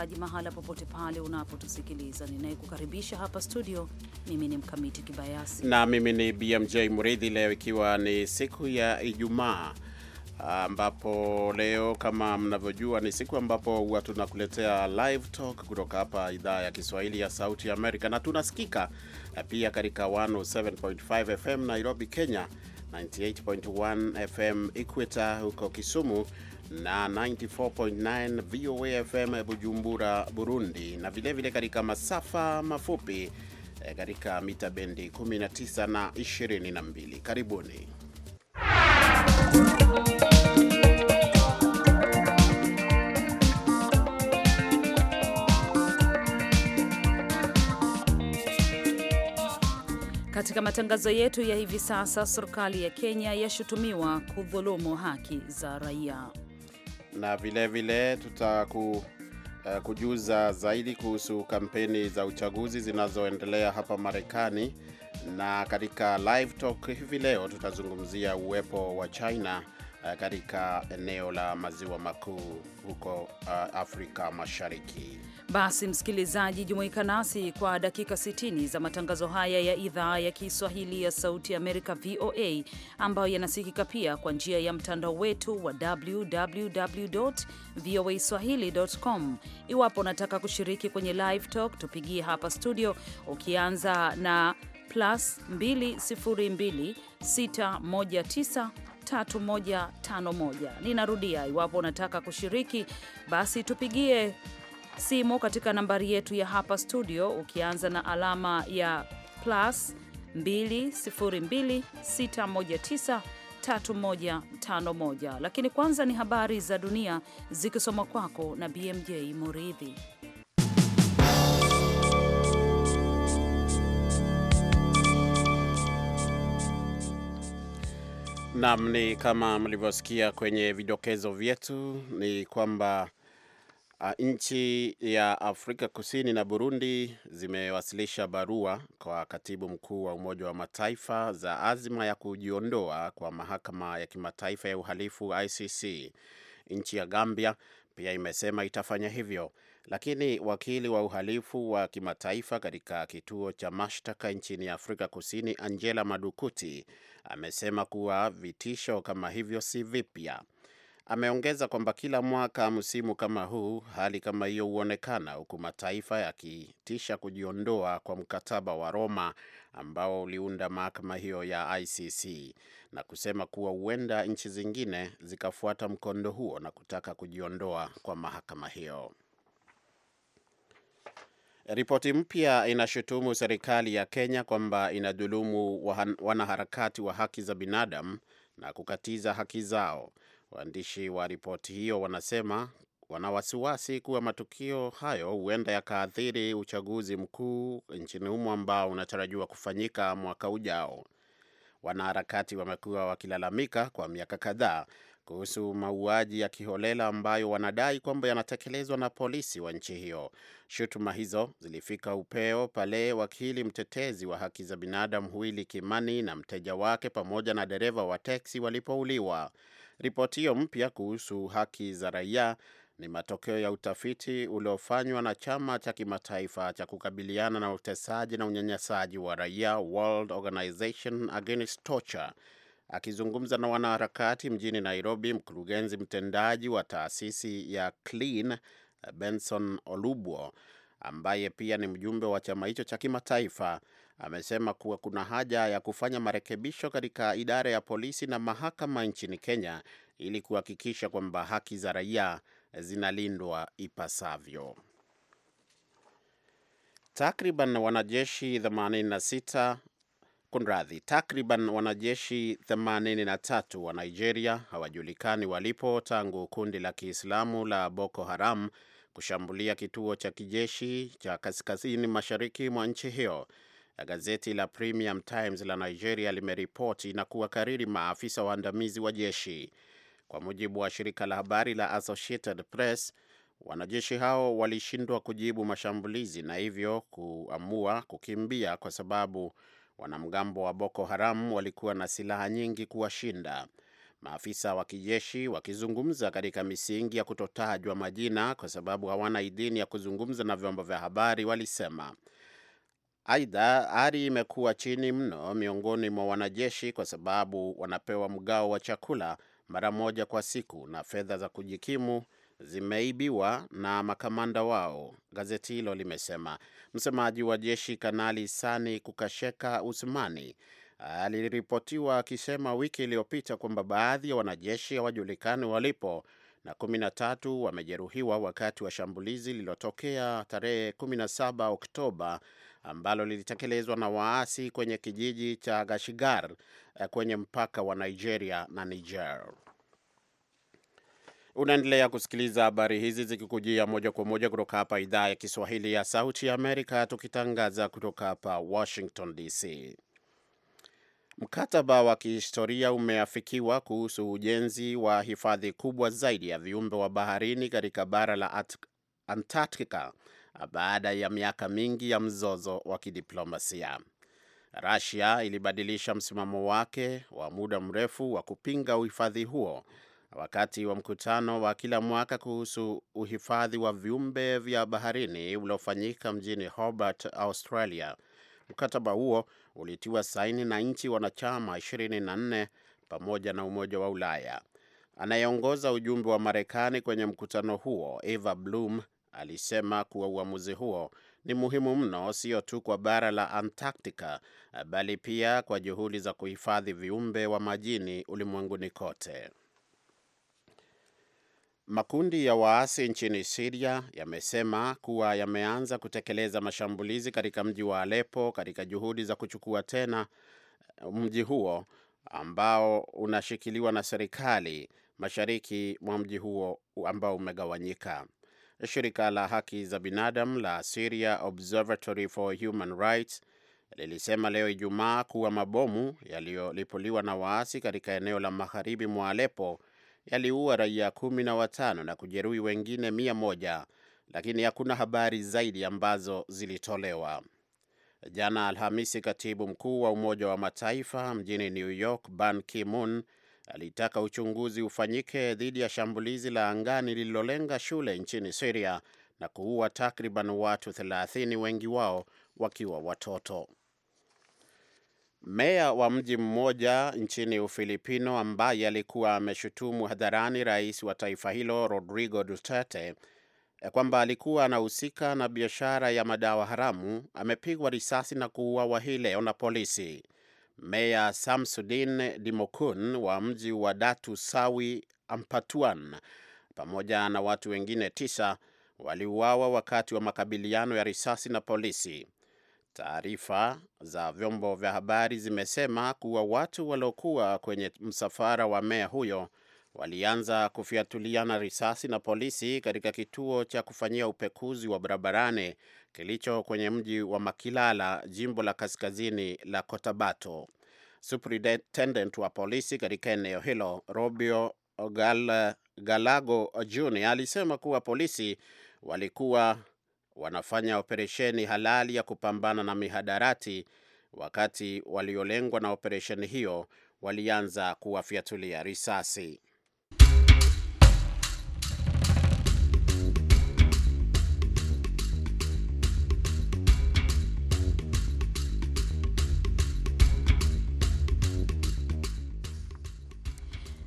msikilizaji, mahala popote pale unapotusikiliza, ninayekukaribisha hapa studio mimi ni Mkamiti Kibayasi na mimi ni BMJ Muridhi. Leo ikiwa ni siku ya Ijumaa ambapo leo kama mnavyojua ni siku ambapo huwa tunakuletea live talk kutoka hapa idhaa ya Kiswahili ya Sauti ya Amerika, na tunasikika eh, pia katika 107.5 FM Nairobi, Kenya, 98.1 FM Equator huko Kisumu na 94.9 VOA FM Bujumbura, Burundi, na vilevile katika masafa mafupi eh, katika mita bendi 19 na 22. Karibuni. Katika matangazo yetu ya hivi sasa, serikali ya Kenya yashutumiwa kudhulumu haki za raia na vilevile tutaku Uh, eh, kujuza zaidi kuhusu kampeni za uchaguzi zinazoendelea hapa Marekani, na katika live talk hivi leo tutazungumzia uwepo wa China uh, katika eneo la maziwa makuu huko uh, Afrika Mashariki. Basi msikilizaji, jumuika nasi kwa dakika 60 za matangazo haya ya idhaa ya Kiswahili ya Sauti Amerika, VOA, ambayo yanasikika pia kwa njia ya mtandao wetu wa www voa swahili.com. Iwapo unataka kushiriki kwenye live talk, tupigie hapa studio, ukianza na plus 202 619 3151. Ninarudia, iwapo unataka kushiriki, basi tupigie simu katika nambari yetu ya hapa studio, ukianza na alama ya plus 2026193151. Lakini kwanza ni habari za dunia zikisomwa kwako na BMJ Muridhi. Naam, ni kama mlivyosikia kwenye vidokezo vyetu ni kwamba Ah, nchi ya Afrika Kusini na Burundi zimewasilisha barua kwa katibu mkuu wa Umoja wa Mataifa za azima ya kujiondoa kwa mahakama ya kimataifa ya uhalifu ICC. Nchi ya Gambia pia imesema itafanya hivyo, lakini wakili wa uhalifu wa kimataifa katika kituo cha mashtaka nchini Afrika Kusini, Angela Madukuti, amesema kuwa vitisho kama hivyo si vipya. Ameongeza kwamba kila mwaka msimu kama huu, hali kama hiyo huonekana, huku mataifa yakitisha kujiondoa kwa mkataba wa Roma ambao uliunda mahakama hiyo ya ICC na kusema kuwa huenda nchi zingine zikafuata mkondo huo na kutaka kujiondoa kwa mahakama hiyo. Ripoti mpya inashutumu serikali ya Kenya kwamba inadhulumu wanaharakati wa haki za binadamu na kukatiza haki zao. Waandishi wa ripoti hiyo wanasema wana wasiwasi kuwa matukio hayo huenda yakaathiri uchaguzi mkuu nchini humo ambao unatarajiwa kufanyika mwaka ujao. Wanaharakati wamekuwa wakilalamika kwa miaka kadhaa kuhusu mauaji ya kiholela ambayo wanadai kwamba yanatekelezwa na polisi wa nchi hiyo. Shutuma hizo zilifika upeo pale wakili mtetezi wa haki za binadamu Huili Kimani na mteja wake pamoja na dereva wa teksi walipouliwa. Ripoti hiyo mpya kuhusu haki za raia ni matokeo ya utafiti uliofanywa na chama cha kimataifa cha kukabiliana na utesaji na unyanyasaji wa raia, World Organization Against Torture. Akizungumza na wanaharakati mjini Nairobi, mkurugenzi mtendaji wa taasisi ya Clean Benson Olubwo, ambaye pia ni mjumbe wa chama hicho cha kimataifa, amesema kuwa kuna haja ya kufanya marekebisho katika idara ya polisi na mahakama nchini Kenya ili kuhakikisha kwamba haki za raia zinalindwa ipasavyo. Takriban wanajeshi 86 kunradhi, takriban wanajeshi 83 wa Nigeria hawajulikani walipo tangu kundi la Kiislamu la Boko Haram kushambulia kituo cha kijeshi cha kaskazini mashariki mwa nchi hiyo. Gazeti la Premium Times la Nigeria limeripoti na kuwakariri maafisa waandamizi wa jeshi. Kwa mujibu wa shirika la habari la Associated Press, wanajeshi hao walishindwa kujibu mashambulizi na hivyo kuamua kukimbia kwa sababu wanamgambo wa Boko Haram walikuwa na silaha nyingi kuwashinda. Maafisa wa kijeshi wakizungumza katika misingi ya kutotajwa majina kwa sababu hawana idhini ya kuzungumza na vyombo vya habari, walisema Aidha, ari imekuwa chini mno miongoni mwa wanajeshi kwa sababu wanapewa mgao wa chakula mara moja kwa siku na fedha za kujikimu zimeibiwa na makamanda wao, gazeti hilo limesema. Msemaji wa jeshi Kanali Sani Kukasheka Usmani aliripotiwa akisema wiki iliyopita kwamba baadhi ya wanajeshi hawajulikani walipo na 13 wamejeruhiwa wakati wa shambulizi lililotokea tarehe 17 Oktoba ambalo lilitekelezwa na waasi kwenye kijiji cha Gashigar eh, kwenye mpaka wa Nigeria na Niger. Unaendelea kusikiliza habari hizi zikikujia moja kwa moja kutoka hapa idhaa ya Kiswahili ya Sauti ya Amerika, tukitangaza kutoka hapa Washington DC. Mkataba wa kihistoria umeafikiwa kuhusu ujenzi wa hifadhi kubwa zaidi ya viumbe wa baharini katika bara la Antarctica Ah, baada ya miaka mingi ya mzozo wa kidiplomasia. Russia ilibadilisha msimamo wake wa muda mrefu wa kupinga uhifadhi huo wakati wa mkutano wa kila mwaka kuhusu uhifadhi wa viumbe vya baharini uliofanyika mjini Hobart, Australia. Mkataba huo ulitiwa saini na nchi wanachama 24 pamoja na Umoja wa Ulaya. Anayeongoza ujumbe wa Marekani kwenye mkutano huo Eva Bloom alisema kuwa uamuzi huo ni muhimu mno, sio tu kwa bara la Antarctica bali pia kwa juhudi za kuhifadhi viumbe wa majini ulimwenguni kote. Makundi ya waasi nchini Siria yamesema kuwa yameanza kutekeleza mashambulizi katika mji wa Alepo katika juhudi za kuchukua tena uh, mji huo ambao unashikiliwa na serikali mashariki mwa mji huo ambao umegawanyika. Shirika la haki za binadamu la Syria Observatory for Human Rights lilisema leo Ijumaa kuwa mabomu yaliyolipuliwa na waasi katika eneo la magharibi mwa Alepo yaliua raia kumi na watano na kujeruhi wengine mia moja, lakini hakuna habari zaidi ambazo zilitolewa. Jana Alhamisi, katibu mkuu wa Umoja wa Mataifa mjini New York Ban Ki-moon alitaka uchunguzi ufanyike dhidi ya shambulizi la angani lililolenga shule nchini siria na kuua takriban watu 30 wengi wao wakiwa watoto. Meya wa mji mmoja nchini Ufilipino ambaye alikuwa ameshutumu hadharani rais wa taifa hilo Rodrigo Duterte kwamba alikuwa anahusika na biashara ya madawa haramu amepigwa risasi na kuuawa hii leo na polisi. Meya Samsudin Dimokun wa mji wa Datu Sawi Ampatuan pamoja na watu wengine tisa waliuawa wakati wa makabiliano ya risasi na polisi. Taarifa za vyombo vya habari zimesema kuwa watu waliokuwa kwenye msafara wa meya huyo walianza kufiatuliana risasi na polisi katika kituo cha kufanyia upekuzi wa barabarani kilicho kwenye mji wa Makilala, jimbo la kaskazini la Cotabato. Superintendent wa polisi katika eneo hilo Robio Gal, Galago Jr alisema kuwa polisi walikuwa wanafanya operesheni halali ya kupambana na mihadarati, wakati waliolengwa na operesheni hiyo walianza kuwafyatulia risasi.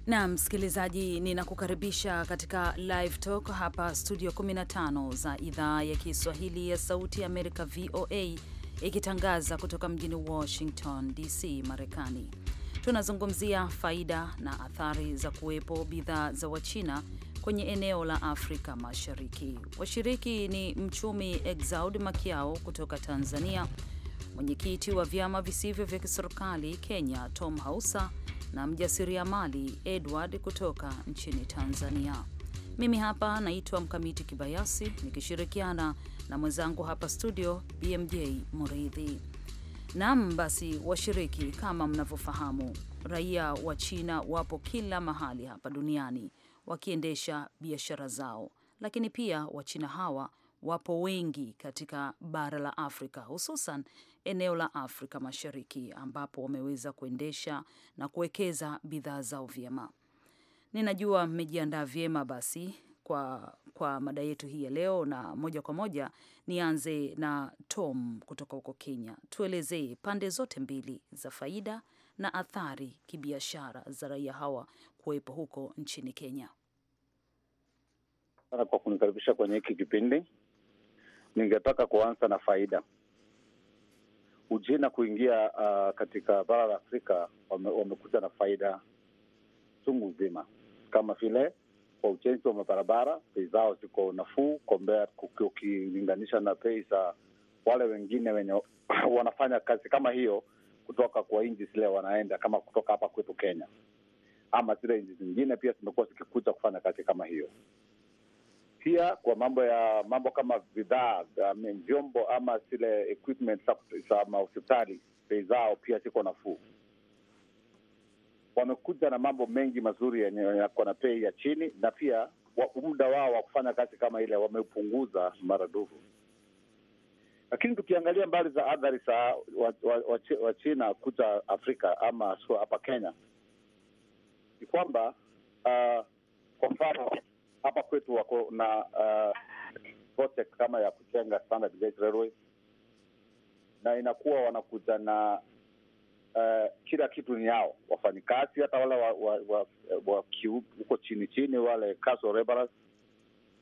Na msikilizaji, ninakukaribisha katika Live Talk hapa studio 15 za idhaa ya Kiswahili ya Sauti ya Amerika, VOA, ikitangaza kutoka mjini Washington DC, Marekani. Tunazungumzia faida na athari za kuwepo bidhaa za Wachina kwenye eneo la Afrika Mashariki. Washiriki ni mchumi Exaud Makiao kutoka Tanzania, mwenyekiti wa vyama visivyo vya kiserikali Kenya Tom Hausa na mjasiriamali Edward kutoka nchini Tanzania. Mimi hapa naitwa Mkamiti Kibayasi nikishirikiana na mwenzangu hapa studio BMJ Muridhi. Naam, basi washiriki, kama mnavyofahamu, raia wa China wapo kila mahali hapa duniani wakiendesha biashara zao, lakini pia Wachina hawa wapo wengi katika bara la Afrika, hususan eneo la Afrika Mashariki, ambapo wameweza kuendesha na kuwekeza bidhaa zao vyema. Ninajua mmejiandaa vyema basi kwa, kwa mada yetu hii ya leo, na moja kwa moja nianze na Tom kutoka huko Kenya. Tuelezee pande zote mbili za faida na athari kibiashara za raia hawa kuwepo huko nchini Kenya. Kwa kunikaribisha kwenye hiki kipindi ningetaka kuanza na faida. Uchina kuingia uh, katika bara la Afrika wame, wamekuja na faida chungu nzima, kama vile kwa ujenzi wa mabarabara, bei zao ziko nafuu kombea ukilinganisha na bei za wale wengine wenye wanafanya kazi kama hiyo kutoka kwa nchi zile wanaenda, kama kutoka hapa kwetu Kenya ama zile nchi zingine, pia zimekuwa zikikuja kufanya kazi kama hiyo pia kwa mambo ya mambo kama bidhaa vyombo ama zile equipment za mahospitali, bei zao pia ziko nafuu. Wamekuja na mambo mengi mazuri yako na bei ya chini, na pia muda wao wa kufanya kazi kama ile wameupunguza maradufu. Lakini tukiangalia mbali za athari za Wachina wa, wa kuja Afrika ama hapa Kenya ni kwamba uh, kwa mfano hapa kwetu wako na uh, project kama ya kujenga standard gauge railway na inakuwa wanakuja na uh, kila kitu ni yao, wafanyikazi hata wale wa, wa, wa, wa huko chini chini, wale casual laborers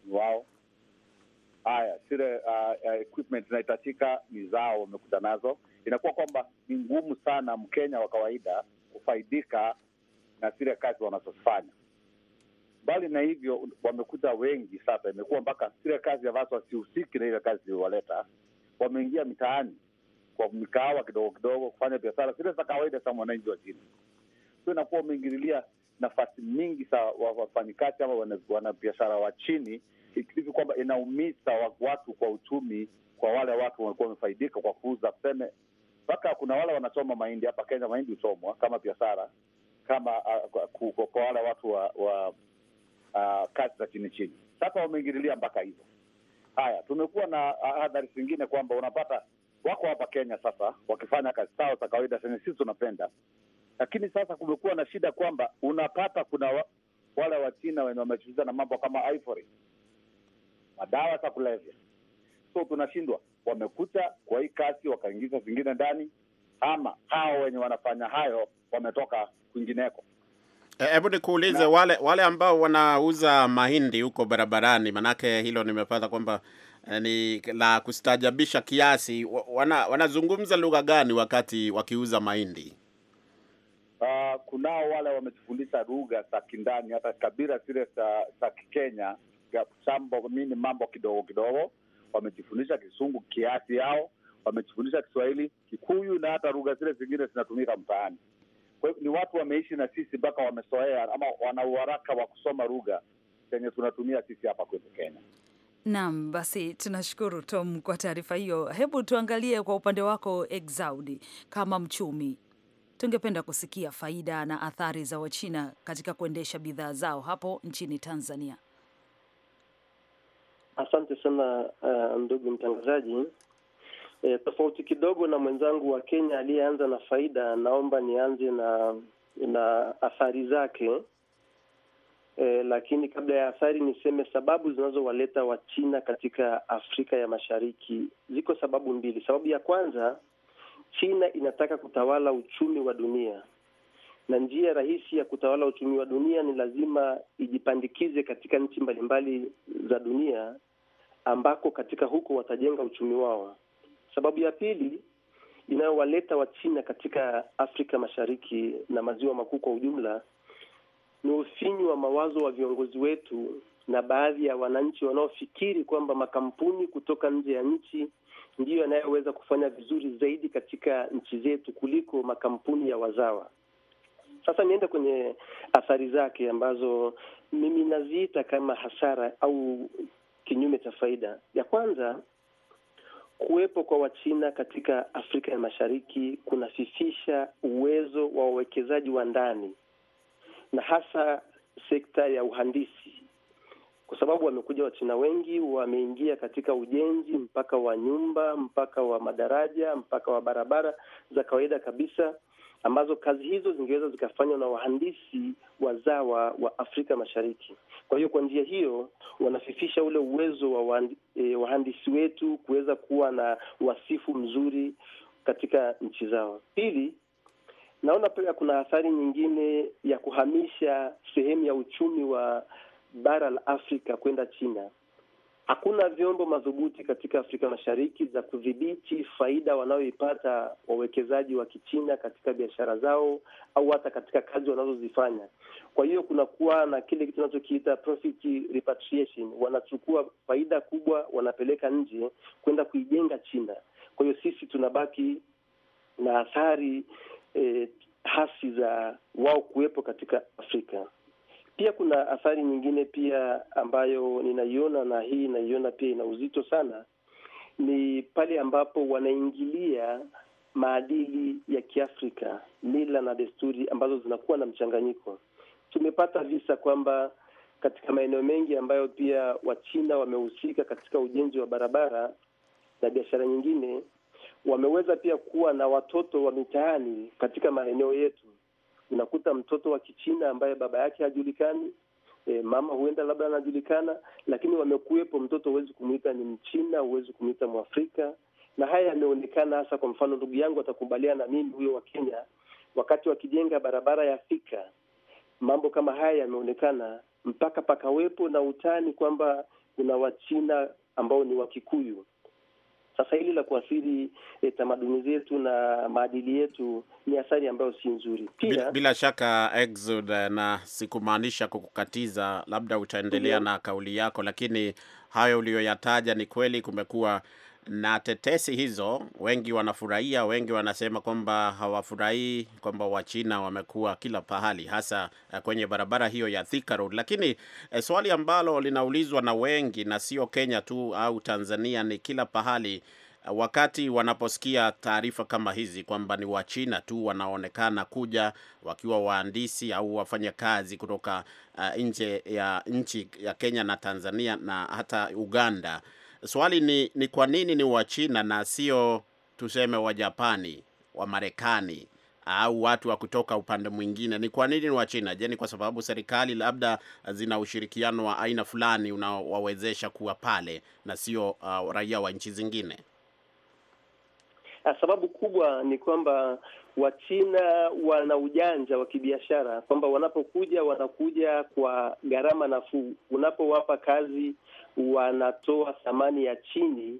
ni wao. Haya, zile uh, uh, equipment zinahitajika ni zao, wamekuja nazo. Inakuwa kwamba ni ngumu sana Mkenya wa kawaida kufaidika na zile kazi wanazofanya. Mbali na hivyo, wamekuta wengi sasa, imekuwa mpaka zile kazi watu wasihusiki na ile kazi iliyowaleta, wameingia mitaani kwa mikahawa kidogo kidogo kufanya biashara zile za kawaida za mwananchi wa chini. So inakuwa umeingililia nafasi nyingi za wafanyikazi ama wanabiashara wa chini, hivi kwamba inaumiza watu kwa uchumi, kwa wale watu wamekuwa wamefaidika kwa kuuza. Tuseme mpaka kuna wale wanachoma mahindi hapa Kenya, mahindi huchomwa kama biashara kama uh, kwa wale watu wa, wa uh, kazi za chini chini. Sasa wameingililia mpaka hizo. Haya, tumekuwa na uh, hadhari zingine kwamba unapata wako hapa Kenya sasa wakifanya kazi zao za kawaida zenye sisi tunapenda, lakini sasa kumekuwa na shida kwamba unapata kuna wa, wale Wachina wenye wamechuiza na mambo kama ivory, madawa za kulevya, so tunashindwa wamekuta kwa hii kazi wakaingiza zingine ndani, ama hao wenye wanafanya hayo wametoka kwingineko. Eh, hebu nikuulize wale wale ambao wanauza mahindi huko barabarani, manake hilo nimepata kwamba eh, ni la kustajabisha kiasi. Wana, wanazungumza lugha gani wakati wakiuza mahindi? Uh, kunao wale wamejifundisha lugha za kindani, hata kabila zile za Kikenya, sambo mini mambo kidogo kidogo, wamejifundisha Kisungu kiasi yao, wamejifundisha Kiswahili, Kikuyu na hata lugha zile zingine zinatumika mtaani. Kwa ni watu wameishi na sisi mpaka wamesoea ama wana uharaka wa kusoma lugha zenye tunatumia sisi hapa kwetu Kenya. Naam, basi tunashukuru Tom kwa taarifa hiyo. Hebu tuangalie kwa upande wako Exaudi, kama mchumi, tungependa kusikia faida na athari za Wachina katika kuendesha bidhaa zao hapo nchini Tanzania. Asante sana uh, ndugu mtangazaji. E, tofauti kidogo na mwenzangu wa Kenya aliyeanza na faida, naomba nianze na na athari zake. E, lakini kabla ya athari niseme sababu zinazowaleta Wachina katika Afrika ya Mashariki. Ziko sababu mbili. Sababu ya kwanza, China inataka kutawala uchumi wa dunia, na njia rahisi ya kutawala uchumi wa dunia ni lazima ijipandikize katika nchi mbalimbali za dunia, ambako katika huko watajenga uchumi wao. Sababu ya pili inayowaleta Wachina katika Afrika Mashariki na maziwa makuu kwa ujumla ni ufinyu wa mawazo wa viongozi wetu na baadhi ya wananchi wanaofikiri kwamba makampuni kutoka nje ya nchi ndiyo yanayoweza kufanya vizuri zaidi katika nchi zetu kuliko makampuni ya wazawa. Sasa niende kwenye athari zake ambazo mimi naziita kama hasara au kinyume cha faida. Ya kwanza Kuwepo kwa Wachina katika Afrika ya Mashariki kunasisisha uwezo wa wawekezaji wa ndani na hasa sekta ya uhandisi, kwa sababu wamekuja Wachina wengi, wameingia katika ujenzi mpaka wa nyumba, mpaka wa madaraja, mpaka wa barabara za kawaida kabisa, ambazo kazi hizo zingeweza zikafanywa na wahandisi wazawa wa Afrika Mashariki. Kwa hiyo kwa njia hiyo wanafifisha ule uwezo wa e, wahandisi wetu kuweza kuwa na wasifu mzuri katika nchi zao. Pili, naona pia kuna athari nyingine ya kuhamisha sehemu ya uchumi wa bara la Afrika kwenda China. Hakuna vyombo madhubuti katika Afrika Mashariki za kudhibiti faida wanayoipata wawekezaji wa Kichina katika biashara zao au hata katika kazi wanazozifanya. Kwa hiyo kunakuwa na kile kitu tunachokiita profit repatriation, wanachukua faida kubwa wanapeleka nje kwenda kuijenga China. Kwa hiyo sisi tunabaki na athari eh, hasi za wao kuwepo katika Afrika. Pia kuna athari nyingine pia ambayo ninaiona, na hii inaiona pia ina uzito sana, ni pale ambapo wanaingilia maadili ya Kiafrika, mila na desturi ambazo zinakuwa na mchanganyiko. Tumepata visa kwamba katika maeneo mengi ambayo pia Wachina wamehusika katika ujenzi wa barabara na biashara nyingine, wameweza pia kuwa na watoto wa mitaani katika maeneo yetu unakuta mtoto wa Kichina ambaye baba yake hajulikani, e, mama huenda labda anajulikana, lakini wamekuwepo. Mtoto huwezi kumwita ni Mchina, huwezi kumwita Mwafrika, na haya yameonekana hasa. Kwa mfano, ndugu yangu atakubaliana na mimi huyo wa Kenya, wakati wakijenga barabara ya Thika, mambo kama haya yameonekana mpaka pakawepo na utani kwamba kuna Wachina ambao ni Wakikuyu sasa hili la kuathiri e, tamaduni zetu na maadili yetu ni athari ambayo si nzuri. Pia bila, bila shaka Exud, eh, na sikumaanisha kukukatiza, labda utaendelea na kauli yako, lakini hayo uliyoyataja ni kweli, kumekuwa na tetesi hizo, wengi wanafurahia, wengi wanasema kwamba hawafurahii kwamba Wachina wamekuwa kila pahali, hasa eh, kwenye barabara hiyo ya Thika Road. Lakini eh, swali ambalo linaulizwa na wengi na sio Kenya tu au Tanzania, ni kila pahali eh, wakati wanaposikia taarifa kama hizi kwamba ni Wachina tu wanaonekana kuja wakiwa waandisi au wafanyakazi kutoka uh, nje ya nchi ya Kenya na Tanzania na hata Uganda swali ni, ni kwa nini ni Wachina na sio tuseme Wajapani, wa marekani au watu wa kutoka upande mwingine? Ni kwa nini ni Wachina? Je, ni kwa sababu serikali labda zina ushirikiano wa aina fulani unaowawezesha kuwa pale na sio uh, raia wa nchi zingine? Ah, sababu kubwa ni kwamba Wachina wana ujanja wa kibiashara, kwamba wanapokuja wanakuja kwa gharama nafuu. Unapowapa kazi wanatoa thamani ya chini.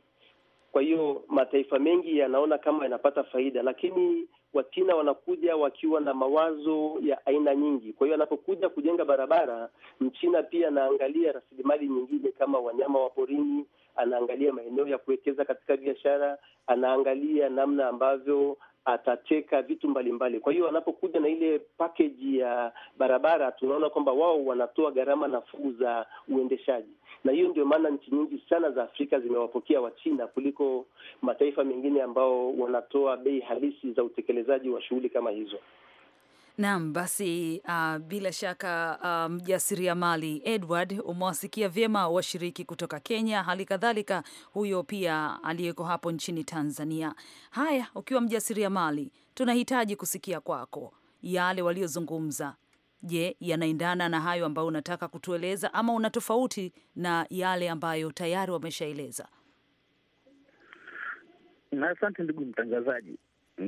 Kwa hiyo mataifa mengi yanaona kama yanapata faida, lakini Wachina wanakuja wakiwa na mawazo ya aina nyingi. Kwa hiyo anapokuja kujenga barabara, Mchina pia anaangalia rasilimali nyingine kama wanyama wa porini anaangalia maeneo ya kuwekeza katika biashara, anaangalia namna ambavyo atateka vitu mbalimbali. Kwa hiyo wanapokuja na ile pakeji ya barabara, tunaona kwamba wao wanatoa gharama nafuu za uendeshaji, na hiyo ndio maana nchi nyingi sana za Afrika zimewapokea Wachina kuliko mataifa mengine ambao wanatoa bei halisi za utekelezaji wa shughuli kama hizo. Naam, basi uh, bila shaka ah, mjasiriamali um, Edward umewasikia vyema washiriki kutoka Kenya, hali kadhalika huyo pia aliyeko hapo nchini Tanzania. Haya, ukiwa mjasiriamali, tunahitaji kusikia kwako yale waliozungumza. Je, yanaendana na hayo ambayo unataka kutueleza ama una tofauti na yale ambayo tayari wameshaeleza? Na asante ndugu mtangazaji.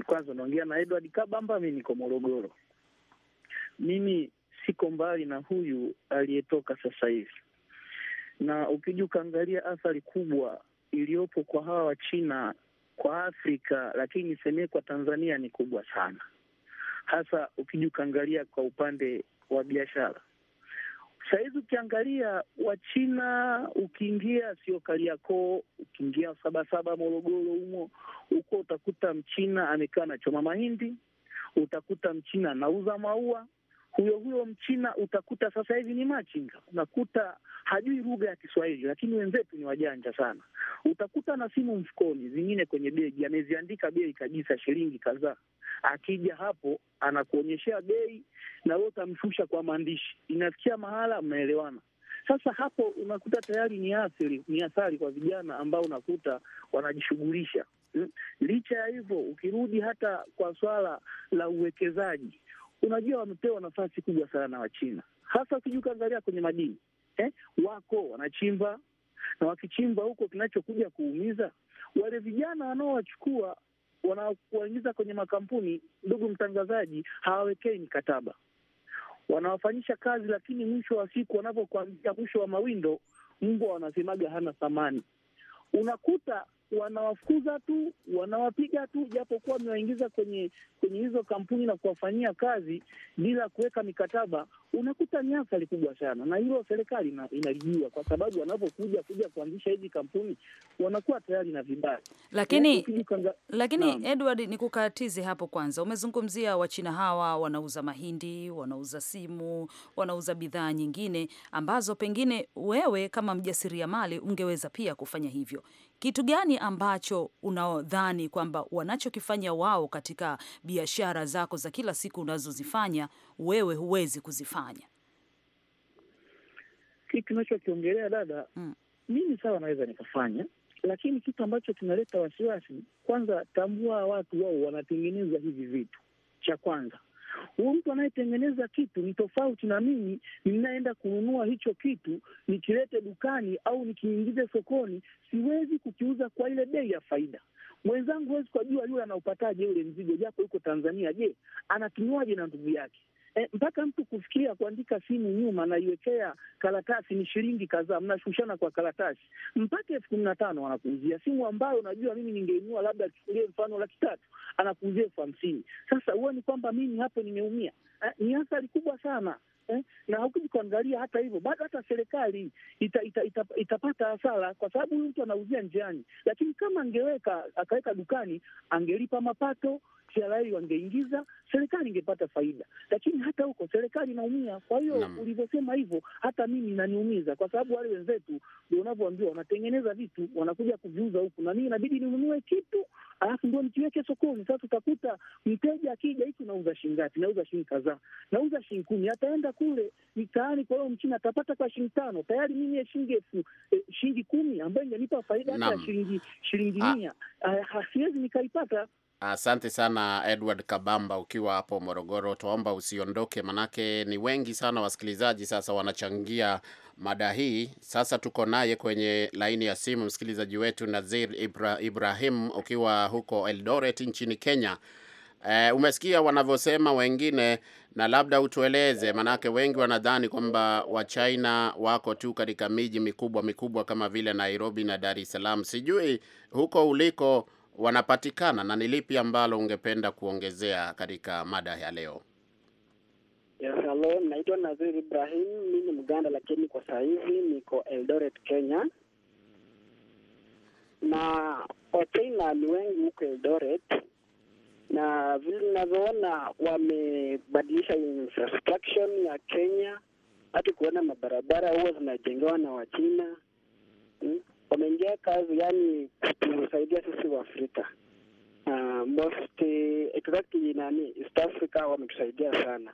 Kwanza unaongea na Edward Kabamba, mi niko Morogoro mimi siko mbali na huyu aliyetoka sasa hivi, na ukija ukaangalia athari kubwa iliyopo kwa hawa Wachina kwa Afrika, lakini nisemee kwa Tanzania ni kubwa sana, hasa ukija ukaangalia kwa upande wa biashara. Sahizi ukiangalia Wachina, ukiingia sio Kariakoo, ukiingia Sabasaba, Morogoro humo huko, utakuta Mchina amekaa anachoma mahindi, utakuta Mchina anauza maua huyo huyo Mchina utakuta sasa hivi ni machinga, unakuta hajui lugha ya Kiswahili, lakini wenzetu ni wajanja sana. Utakuta na simu mfukoni, zingine kwenye begi, ameziandika bei kabisa, shilingi kadhaa. Akija hapo anakuonyeshea bei na wewe utamshusha kwa maandishi, inafikia mahala mnaelewana. Sasa hapo unakuta tayari ni athari, ni athari kwa vijana ambao unakuta wanajishughulisha. Hmm? Licha ya hivyo, ukirudi hata kwa swala la uwekezaji unajua wamepewa nafasi kubwa sana na Wachina, hasa ukijua ukaangalia kwenye madini eh, wako wanachimba na wakichimba huko, kinachokuja kuumiza wale vijana wanaowachukua wanakuwaingiza kwenye makampuni, ndugu mtangazaji, hawawekei mikataba, wanawafanyisha kazi, lakini mwisho wa siku wanavyokuambia mwisho wa mawindo, mbwa wanasemaga hana thamani. Unakuta wanawafukuza tu, wanawapiga tu, japokuwa wamewaingiza kwenye kwenye hizo kampuni na kuwafanyia kazi bila kuweka mikataba, unakuta ni athari kubwa sana, na hilo serikali inalijua, kwa sababu wanapokuja kuja kuanzisha hizi kampuni wanakuwa tayari na vibali. Lakini kanga... lakini na, Edward, nikukatize hapo kwanza. Umezungumzia Wachina hawa wanauza mahindi, wanauza simu, wanauza bidhaa nyingine ambazo pengine wewe kama mjasiriamali ungeweza pia kufanya hivyo. Kitu gani ambacho unaodhani kwamba wanachokifanya wao katika biashara zako za kila siku unazozifanya wewe huwezi kuzifanya? Kitu nachokiongelea dada, mm. Mimi sawa, naweza nikafanya, lakini kitu ambacho kinaleta wasiwasi, kwanza tambua, watu wao wanatengeneza hivi vitu, cha kwanza Huyu mtu anayetengeneza kitu ni tofauti na mimi ninaenda kununua hicho kitu, nikilete dukani au nikiingize sokoni, siwezi kukiuza kwa ile bei ya faida. Mwenzangu huwezi kujua yule anaupataje ule mzigo, japo yuko Tanzania. Je, anatumiwaje na ndugu yake? eh, mpaka mtu kufikia kuandika simu nyuma, naiwekea karatasi ni shilingi kadhaa, mnashushana kwa karatasi mpaka elfu kumi na tano anakuuzia simu ambayo unajua mimi ningeinua labda, chukulie mfano laki tatu, anakuuzia elfu hamsini. Sasa huoni kwamba mimi hapo nimeumia? Eh, ni athari kubwa sana. Eh, na ukiji kuangalia hata hivyo bado hata serikali ita, ita, ita, itapata hasara kwa sababu huyu mtu anauzia njiani, lakini kama angeweka akaweka dukani angelipa mapato TRA wangeingiza, serikali ingepata faida, lakini hata huko serikali inaumia. Kwa hiyo ulivyosema hivyo, hata mimi inaniumiza, kwa sababu wale wenzetu ndio unavyoambiwa, wanatengeneza vitu wanakuja kuviuza huku, na mimi inabidi ninunue kitu alafu ndio nikiweke sokoni. Sasa utakuta mteja akija, hiki nauza shilingi ngapi? Nauza shilingi kadhaa, nauza shilingi kumi. Ataenda kule mitaani, kwa hiyo mchina atapata kwa shilingi tano tayari, mimi shilingi elfu eh, shilingi kumi ambayo ingenipa faida hata ya shilingi shilingi ah. mia, ah, siwezi nikaipata. Asante sana Edward Kabamba, ukiwa hapo Morogoro. tuaomba usiondoke, manake ni wengi sana wasikilizaji sasa wanachangia mada hii. Sasa tuko naye kwenye laini ya simu msikilizaji wetu Nazir Ibra, Ibrahim, ukiwa huko Eldoret nchini Kenya. E, umesikia wanavyosema wengine, na labda utueleze, manake wengi wanadhani kwamba Wachina wako tu katika miji mikubwa mikubwa kama vile Nairobi na Dar es Salaam. Sijui huko uliko wanapatikana, na ni lipi ambalo ungependa kuongezea katika mada ya leo? Yes, hello, naitwa Nazir Ibrahim, mi ni Mganda lakini kwa sasa hivi niko Eldoret, Kenya na Wakenya ni wengi huko Eldoret na vile ninavyoona wamebadilisha infrastructure ya Kenya, hata kuona mabarabara huwa zinajengewa na Wachina hmm? wameingia kazi, yani kusaidia sisi Waafrika uh, most exactly nani East Africa wametusaidia sana,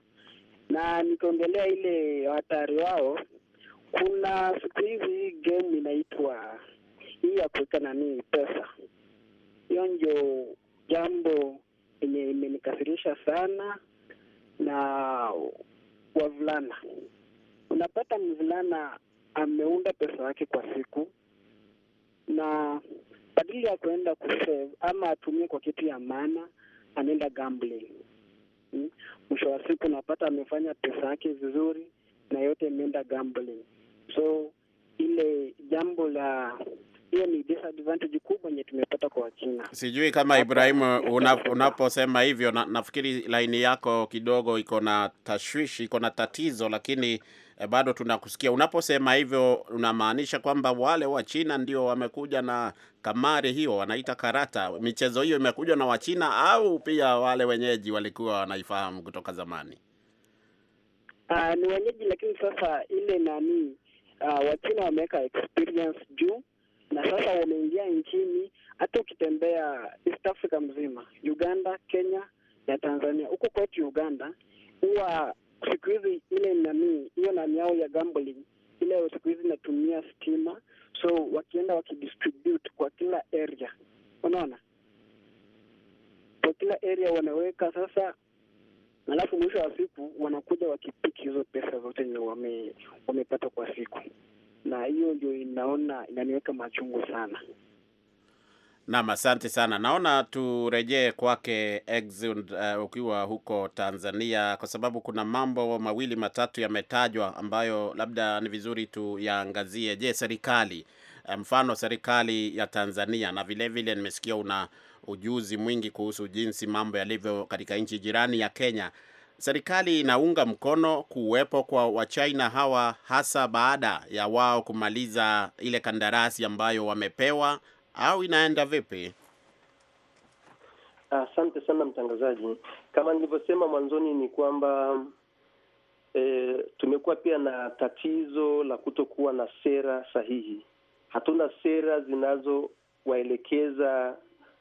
na nikiongelea ile hatari wao. Kuna siku hizi game inaitwa hii ya kuweka nani pesa, hiyo ndio jambo yenye imenikasirisha sana na wavulana. Unapata mvulana ameunda pesa yake kwa siku na badili ya kuenda kusave ama atumie kwa kitu ya maana, anaenda gambling. Hmm? Mwisho hmm, wa siku napata amefanya pesa yake vizuri na yote imeenda gambling. So ile jambo la hiyo ni disadvantage kubwa yenye tumepata kwa Wachina. Sijui kama Ibrahimu, unaposema hivyo na, nafikiri laini yako kidogo iko na tashwishi, iko na tatizo, lakini e, bado tunakusikia unaposema hivyo, unamaanisha kwamba wale wa China ndio wamekuja na kamari hiyo, wanaita karata. Michezo hiyo imekuja na Wachina au pia wale wenyeji walikuwa wanaifahamu kutoka zamani? Uh, ni wenyeji, lakini sasa ile nani, uh, Wachina wameweka experience juu na sasa wameingia nchini. Hata ukitembea East Africa mzima, Uganda, Kenya na Tanzania, huko kwetu Uganda huwa siku hizi ile nanii hiyo nani yao ya gambling ile siku hizi inatumia stima, so wakienda wakidistribute kwa kila area, unaona, kwa kila area wanaweka sasa, alafu mwisho wa siku wanakuja wakipiki hizo pesa zote ni wame, wamepata kwa siku, na hiyo ndio inaona inaniweka machungu sana. Nam, asante sana. Naona turejee kwake uh, ukiwa huko Tanzania, kwa sababu kuna mambo mawili matatu yametajwa ambayo labda ni vizuri tuyaangazie. Je, serikali uh, mfano serikali ya Tanzania na vilevile vile, nimesikia una ujuzi mwingi kuhusu jinsi mambo yalivyo katika nchi jirani ya Kenya. Serikali inaunga mkono kuwepo kwa Wachina hawa hasa baada ya wao kumaliza ile kandarasi ambayo wamepewa au inaenda vipi? Asante sana mtangazaji. Kama nilivyosema mwanzoni ni kwamba e, tumekuwa pia na tatizo la kutokuwa na sera sahihi. Hatuna sera zinazowaelekeza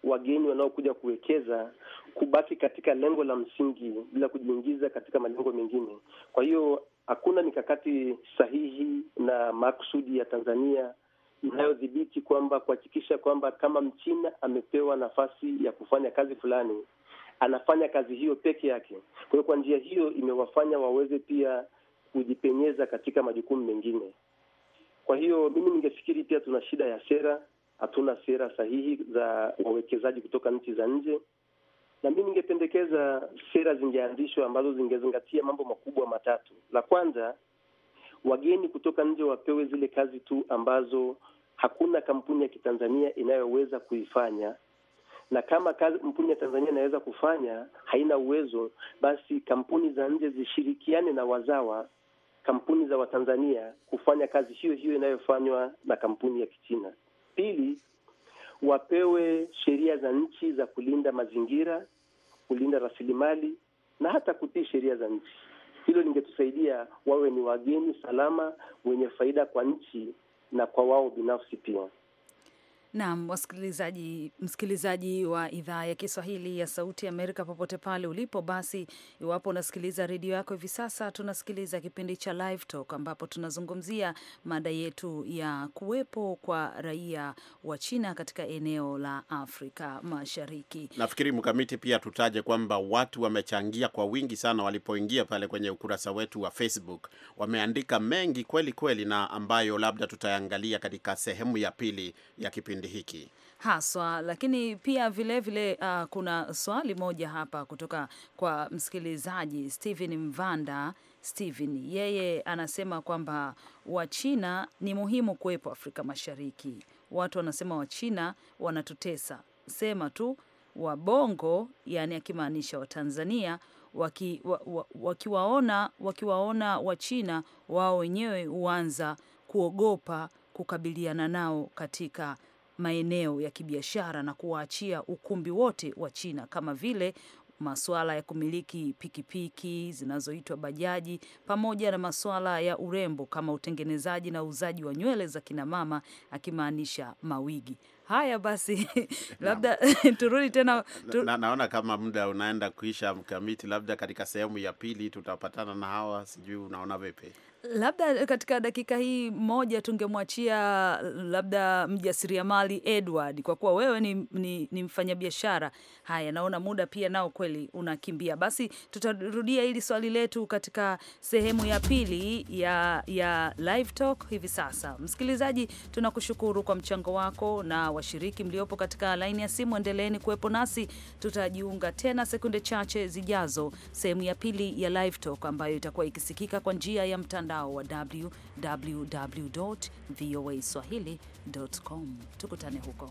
wageni wanaokuja kuwekeza kubaki katika lengo la msingi bila kujiingiza katika malengo mengine. Kwa hiyo hakuna mikakati sahihi na makusudi ya Tanzania inayodhibiti kwamba kuhakikisha kwamba kama Mchina amepewa nafasi ya kufanya kazi fulani, anafanya kazi hiyo peke yake. Kwa hiyo kwa njia hiyo imewafanya waweze pia kujipenyeza katika majukumu mengine. Kwa hiyo mimi ningefikiri pia tuna shida ya sera, hatuna sera sahihi za wawekezaji kutoka nchi za nje, na mimi ningependekeza sera zingeanzishwa ambazo zingezingatia mambo makubwa matatu. La kwanza wageni kutoka nje wapewe zile kazi tu ambazo hakuna kampuni ya kitanzania inayoweza kuifanya na kama kampuni ya Tanzania inaweza kufanya haina uwezo, basi kampuni za nje zishirikiane na wazawa kampuni za Watanzania kufanya kazi hiyo hiyo inayofanywa na kampuni ya Kichina. Pili, wapewe sheria za nchi za kulinda mazingira, kulinda rasilimali na hata kutii sheria za nchi. Hilo lingetusaidia wawe ni wageni salama wenye faida kwa nchi na kwa wao binafsi pia. Naam, wasikilizaji, msikilizaji wa idhaa ya Kiswahili ya Sauti ya Amerika, popote pale ulipo, basi iwapo unasikiliza redio yako hivi sasa, tunasikiliza kipindi cha Live Talk ambapo tunazungumzia mada yetu ya kuwepo kwa raia wa China katika eneo la Afrika Mashariki. Nafikiri mkamiti, pia tutaje kwamba watu wamechangia kwa wingi sana walipoingia pale kwenye ukurasa wetu wa Facebook, wameandika mengi kweli kweli, na ambayo labda tutayangalia katika sehemu ya pili ya kipindi kipindi hiki haswa lakini pia vilevile vile, uh, kuna swali moja hapa kutoka kwa msikilizaji Steven Mvanda. Steven yeye anasema kwamba Wachina ni muhimu kuwepo Afrika Mashariki. Watu wanasema Wachina wanatutesa, sema tu Wabongo, yani akimaanisha Watanzania wakiwaona wa, wakiwaona Wachina wao wenyewe huanza kuogopa kukabiliana nao katika maeneo ya kibiashara na kuwaachia ukumbi wote wa China kama vile masuala ya kumiliki pikipiki zinazoitwa bajaji pamoja na masuala ya urembo kama utengenezaji na uuzaji wa nywele za kinamama, akimaanisha mawigi. Haya basi, labda turudi tena tu... na, naona kama muda unaenda kuisha mkamiti, labda katika sehemu ya pili tutapatana na hawa, sijui unaona vipi? Labda katika dakika hii moja tungemwachia labda mjasiriamali Edward, kwa kuwa wewe ni, ni, ni mfanyabiashara. Haya, naona muda pia nao kweli unakimbia, basi tutarudia hili swali letu katika sehemu ya pili ya, ya live talk hivi sasa. Msikilizaji, tunakushukuru kwa mchango wako na washiriki mliopo katika laini ya simu, endeleeni kuwepo nasi. Tutajiunga tena sekunde chache zijazo, sehemu ya pili ya Live Talk ambayo itakuwa ikisikika kwa njia ya mtandao wa www voa swahili.com. Tukutane huko.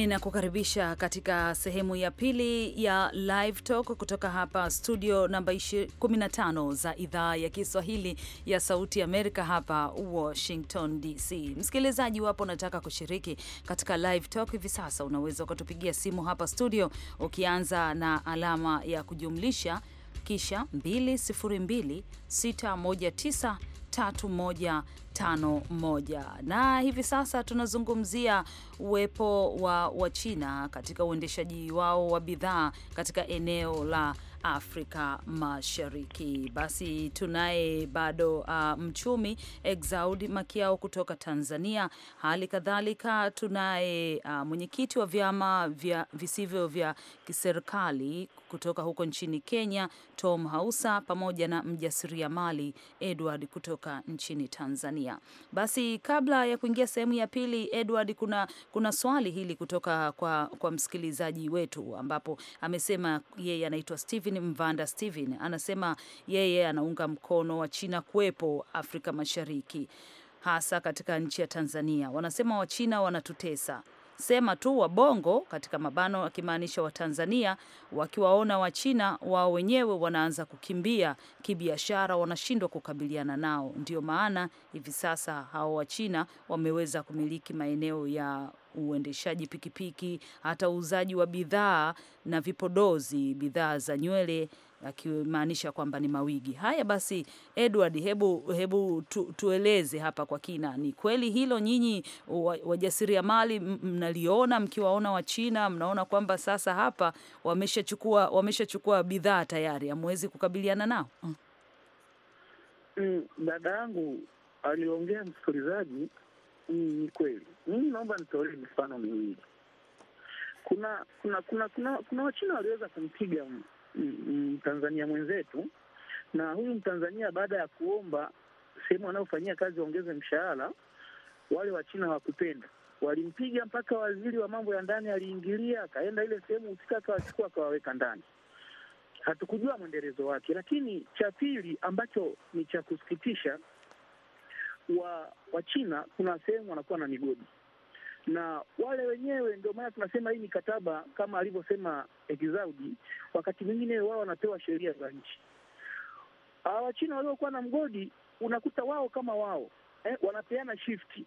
Ninakukaribisha katika sehemu ya pili ya Live Talk kutoka hapa studio namba 15 za idhaa ya Kiswahili ya Sauti Amerika hapa Washington DC. Msikilizaji wapo, unataka kushiriki katika Live Talk hivi sasa, unaweza ukatupigia simu hapa studio ukianza na alama ya kujumlisha kisha 619 3151. Na hivi sasa tunazungumzia uwepo wa Wachina katika uendeshaji wao wa bidhaa katika eneo la Afrika Mashariki. Basi tunaye bado uh, mchumi Exaudi Makiao kutoka Tanzania. Hali kadhalika tunaye uh, mwenyekiti wa vyama vya visivyo vya kiserikali kutoka huko nchini Kenya, Tom Hausa, pamoja na mjasiriamali Edward kutoka nchini Tanzania. Basi kabla ya kuingia sehemu ya pili, Edward, kuna, kuna swali hili kutoka kwa, kwa msikilizaji wetu ambapo amesema yeye anaitwa Steven Mvanda. Steven anasema yeye anaunga mkono wa China kuwepo Afrika Mashariki hasa katika nchi ya Tanzania. Wanasema Wachina wanatutesa, sema tu wabongo katika mabano akimaanisha Watanzania wakiwaona Wachina wao wenyewe wanaanza kukimbia kibiashara, wanashindwa kukabiliana nao. Ndio maana hivi sasa hao Wachina wameweza kumiliki maeneo ya uendeshaji pikipiki, hata uuzaji wa bidhaa na vipodozi, bidhaa za nywele akimaanisha kwamba ni mawigi haya. Basi Edward, hebu, hebu tu, tueleze hapa kwa kina, ni kweli hilo nyinyi wajasiriamali mnaliona, mkiwaona Wachina mnaona kwamba sasa hapa wameshachukua wameshachukua bidhaa tayari, hamwezi kukabiliana nao? Mm, dada yangu aliongea msikilizaji, ni kweli. Mimi naomba nitolee mifano miwili. Kuna kuna kuna kuna, kuna Wachina waliweza kumpiga Mtanzania mwenzetu, na huyu Mtanzania baada ya kuomba sehemu anayofanyia kazi waongeze mshahara, wale Wachina hawakupenda, walimpiga mpaka waziri wa mambo ya ndani aliingilia, akaenda ile sehemu husika, akawachukua akawaweka ndani. Hatukujua mwendelezo wake, lakini cha pili ambacho ni cha kusikitisha, wa Wachina kuna sehemu wanakuwa na migodi na wale wenyewe. Ndio maana tunasema hii mikataba kama alivyosema Ekizaudi, wakati mwingine wao wanapewa sheria za nchi. Ah, Wachina waliokuwa na mgodi unakuta wao kama wao eh, wanapeana shifti.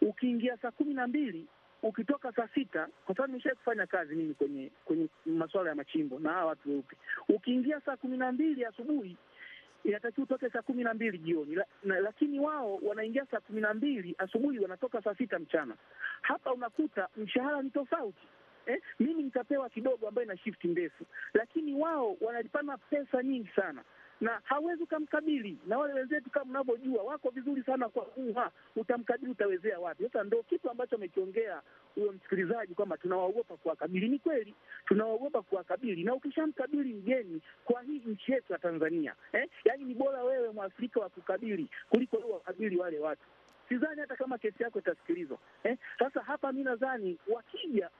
Ukiingia saa kumi na mbili ukitoka saa sita, kwa sababu nimesha kufanya kazi mimi kwenye kwenye masuala ya machimbo na hawa watu weupe. Ukiingia saa kumi na mbili asubuhi inatakiwa utoke saa kumi na mbili jioni la, na, lakini wao wanaingia saa kumi na mbili asubuhi wanatoka saa sita mchana. Hapa unakuta mshahara ni tofauti. Eh, mimi nitapewa kidogo ambayo ina shift ndefu, lakini wao wanalipana pesa nyingi sana na hawezi ukamkabili, na wale wenzetu kama mnavyojua wako vizuri sana kwa uha utamkabili utawezea wapi? Sasa ndo kitu ambacho amekiongea huyo msikilizaji kwamba tunawaogopa kuwakabili. Ni kweli tunawaogopa kuwakabili, na ukishamkabili mgeni kwa hii nchi yetu ya Tanzania eh, yaani ni bora wewe Mwafrika wa kukabili kuliko wewe wakabili wale watu. Sidhani hata kama kesi yako itasikilizwa eh. Sasa hapa mi nadhani wakija